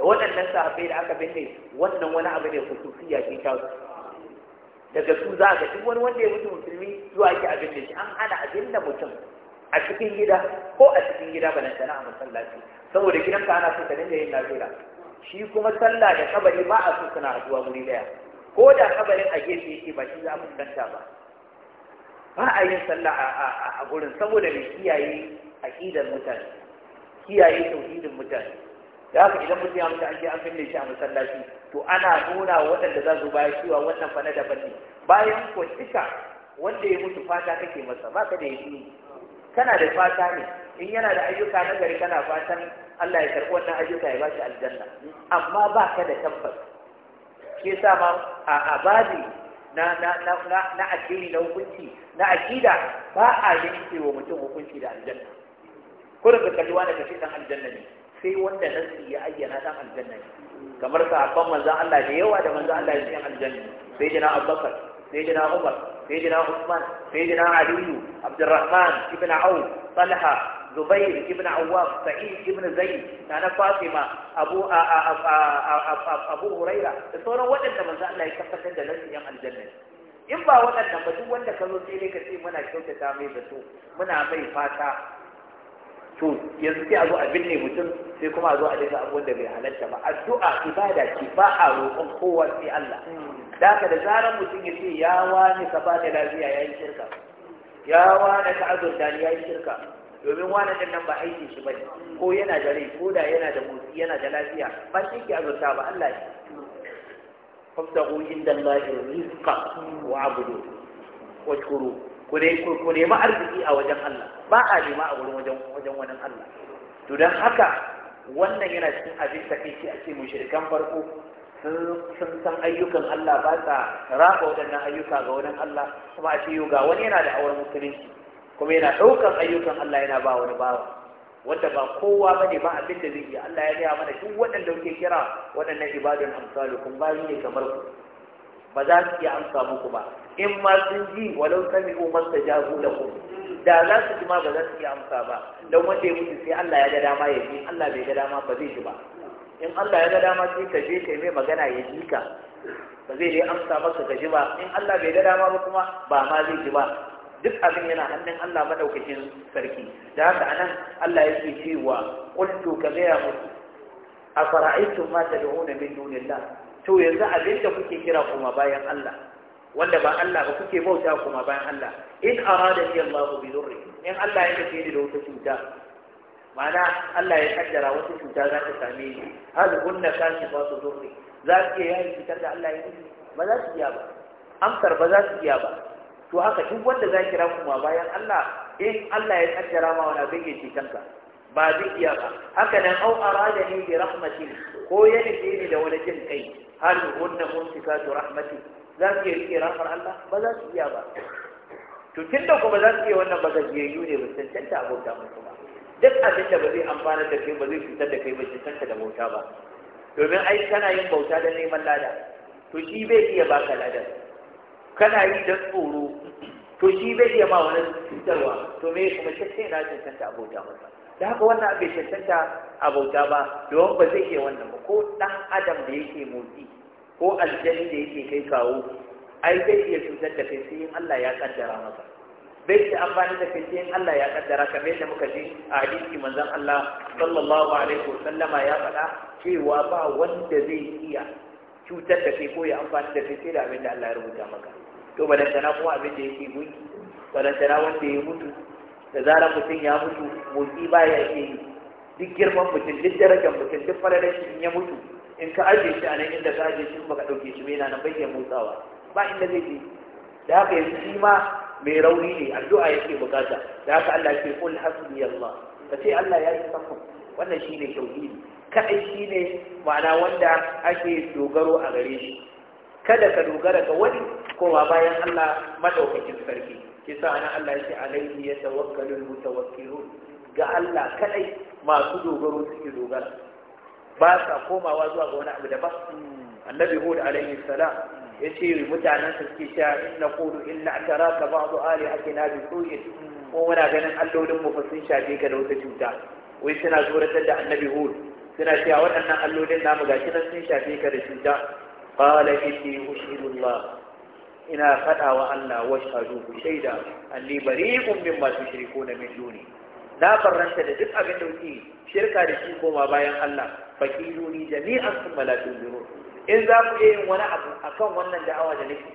da waɗannan sahabbai da aka binne wannan wani abu ne kususiya ce ta daga su za ga duk wani wanda ya mutu musulmi zuwa ake abin shi an hana abin da mutum a cikin gida ko a cikin gida ba nan sana a masallaci saboda gidan ka ana so ka dinga yin lafiya shi kuma sallah da kabari ba a so suna zuwa wuri daya ko da kabarin a gefe yake ba shi za mu danta ba ba a yin sallah a gurin saboda mai kiyaye aqidar mutane kiyaye tauhidin mutane da haka idan mutum ya mutu an je an binne shi a masallaci to ana nuna waɗanda za su baya cewa wannan fa na daban ne bayan ko duka wanda ya mutu fata kake masa ba ka da yi kana da fata ne in yana da ayyuka na gari kana fatan Allah ya karɓi wannan ayyuka ya bashi aljanna amma ba ka da tabbas ke sa ma a abadi na na na na na addini na hukunci na akida ba a yanke wa mutum hukunci da aljanna kurin ka kalli wani kashi dan aljanna ne sai wanda nasi ya ayyana dan aljanna kamar sahabban manzon Allah da yawa da manzon Allah ya cikin aljanna sai jina Abubakar sai jina Umar sai jina Usman sai jina Ali Abdurrahman ibn Auf Talha Zubair ibn Awwaf Sa'id ibn Zaid na Fatima Abu Abu Huraira da sauran waɗanda manzon Allah ya tabbatar da nasi yan aljanna in ba waɗannan ba duk wanda ka zo sai dai ka ce muna kyautata mai zato muna mai fata to yanzu sai a zo a binne mutum sai kuma a zo a daga abubuwan da bai halatta ba addu'a ibada ce ba a roƙon kowa sai Allah da haka da zarar mutum ya ce ya wani ka ba da lafiya ya yi shirka ya wani ka azurta ya yi shirka domin wani ɗin nan ba aiki shi bane ko yana da rai ko da yana da motsi yana da lafiya ba shi ke azurta ba Allah ne فابتغوا عند الله الرزق wa shukuru ku nemi arziki a wajen Allah ba a nema a wurin wajen wajen wani Allah to don haka wannan yana cikin abin da kai a ce mushrikan farko sun san ayyukan Allah ba sa raba waɗannan ayyuka ga wani Allah kuma a ce ga wani yana da auren musulunci kuma yana ɗaukan ayyukan Allah yana ba wani bawa wanda ba kowa bane ba abin da zai yi Allah ya gaya mana duk waɗanda kuke kira waɗannan ibadun amsalukum ba ne kamar ku ba za su iya amsa muku ba in ma sun ji walau umar mastajabu jago da ku. Da za su ji ma ba za su iya amsa ba don wanda ya mutu sai Allah ya ga dama ya ji Allah bai ga dama ba zai ji ba in Allah ya ga dama sai ka je kai mai magana ya ji ka ba zai dai amsa maka ka ji ba in Allah bai ga dama ba kuma ba ma zai ji ba duk abin yana hannun Allah madaukakin sarki da haka anan Allah yake cewa qultu ka ga ya mutu afara'aytum ma tad'una min dunillah to yanzu abinda kuke kira kuma bayan Allah wanda ba Allah ba kuke bauta kuma bayan Allah in arada ni Allah bi dhurri in Allah ya kace da wata cuta ma'ana Allah ya kaddara wata cuta za ta same ni hal kunna kashi ba su dhurri za ki yi cutar da Allah ya yi ba za su iya ba amsar ba za su iya ba to haka duk wanda za kira kuma bayan Allah in Allah ya kaddara ma wani abin ya cutar kanka? ba zai iya ba haka nan au arada ni bi rahmatin ko ya nufi ni da wani jin kai hal hunna mumsikatu rahmati za su iya rike rahmar Allah ba za su iya ba to da kuma za su iya wannan ba jiyayyu ne ba cancanta abota musu ba duk abin da ba zai amfana da kai ba zai cutar da kai ba cancanta da bauta ba domin ai kana yin bauta da neman lada to shi bai iya baka ladar kana yi don tsoro to shi bai iya ba wani cutarwa to me kuma shi sai na cancanta abota masa da haka wannan abin shantanta a bauta ba domin ba zai iya wannan ba ko ɗan adam da yake motsi ko aljani da yake kai kawo ai zai iya cutar da kai sai yin Allah ya kaddara maka? bai ce amfani da kai sai Allah ya kaddara bai da muka ji a hadisi manzon Allah sallallahu alaihi wasallama ya faɗa cewa ba wanda zai iya cutar da kai ko ya amfani da kai sai da abin da Allah ya rubuta maka to balantana kuma abin da yake gunki balantana wanda ya mutu da zarar mutum ya mutu motsi ba ya ke yi duk girman mutum duk darajar mutum duk fararen shi ya mutu in ka ajiye shi a nan inda ka ajiye shi ba ka ɗauke shi mai nan bai motsawa ba inda zai je da haka yanzu shi ma mai rauni ne addu'a yake bukata da haka Allah ke kul hasbi Allah ka ce Allah ya yi samu wannan shine tauhidi kai ne ma'ana wanda ake dogaro a gare shi kada ka dogara ga wani kowa bayan Allah madaukakin sarki kisa ana Allah yake alaihi ya tawakkalul mutawakkilun ga Allah kadai masu dogaro suke dogara ba sa komawa zuwa ga wani abu da ba annabi hud alaihi salam yace mutanen sa suke cewa in naqulu illa ataraka ba'du na bi su'in ko muna ganin allolin mu fa sun shafe ka da wata cuta wai suna tsoratar da annabi hud suna cewa waɗannan allolin namu gashi nan sun shafe ka da cuta qala inni ushhidullah ina faɗa wa Allah washhadu ku shaida anni bari'un mimma na min duni na faranta da duk abin da kuke shirka da shi koma bayan Allah fakiruni jami'an thumma la tunzirun in za ku iya yin wani abu akan wannan da'awa da nake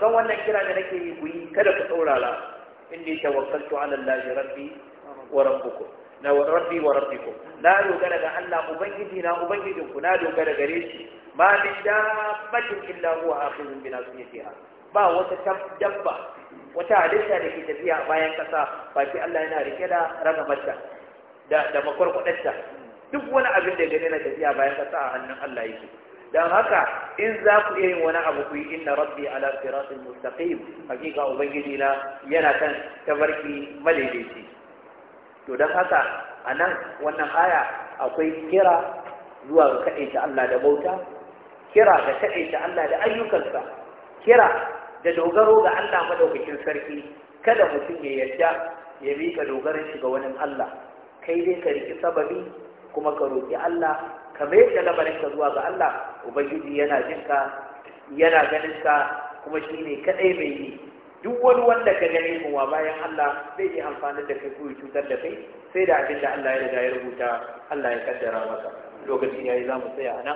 kan wannan kira da nake yi ku yi kada ku saurara In inni tawakkaltu ala Allah rabbi wa rabbukum na rabbi wa rabbikum na dogara ga Allah ubangiji na ubangijinku na dogara gare shi ma min dabbatin illa huwa akhizun bi nasiyatiha ba wata dabba wata halitta da ke tafiya bayan kasa ba ki Allah yana rike da ragamarta da da makwarkwadarta duk wani abin da gani na tafiya bayan kasa a hannun Allah yake dan haka in za ku iya yin wani abu ku yi inna rabbi ala siratil mustaqim hakika ubangiji na yana kan tabarki madaidaici to dan haka anan wannan aya akwai kira zuwa ga kaɗaita Allah da bauta kira ga kaɗaita Allah da ayyukansa kira da dogaro ga Allah madaukakin sarki kada mutum ya yarda ya rika dogaran shi ga wani Allah kai dai ka riki sababi kuma ka roki Allah ka mai da lamarin ka zuwa ga Allah ubangiji yana jin ka yana ganin ka kuma ne kadai mai yi duk wani wanda ka gani kuma bayan Allah zai yi amfani da kai ko cutar da kai sai da abin da Allah ya riga ya rubuta Allah ya kaddara maka lokaci yayi za mu tsaya nan,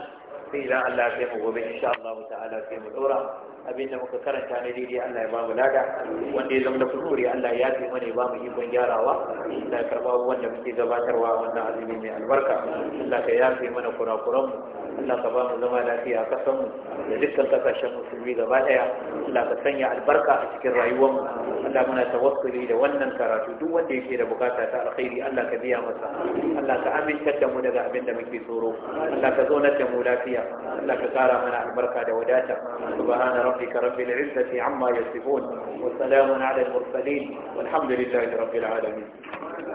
sai idan Allah ya kai mu gobe insha Allah ta'ala sai mu dora abin da muka karanta na daidai Allah ya ba mu lada wanda ya zama da kuskure Allah ya fi mana ya ba mu ikon gyarawa Allah karba wanda muke gabatarwa wannan azumi mai albarka Allah ka yafe mana kurakuran mu Allah ka ba mu zama lafiya a kasan mu da dukkan kasashen musulmi gaba daya Allah ka sanya albarka a cikin rayuwar mu Allah muna tawassuli da wannan karatu duk wanda yake da bukata ta alkhairi Allah ka biya masa Allah ka aminta da mu daga abin da muke tsoro Allah ka zaunar da mu lafiya Allah ka kara mana albarka da wadata subhana rabbika rabbil izzati amma yasifun wa salamun ala al mursalin walhamdulillahi rabbil alamin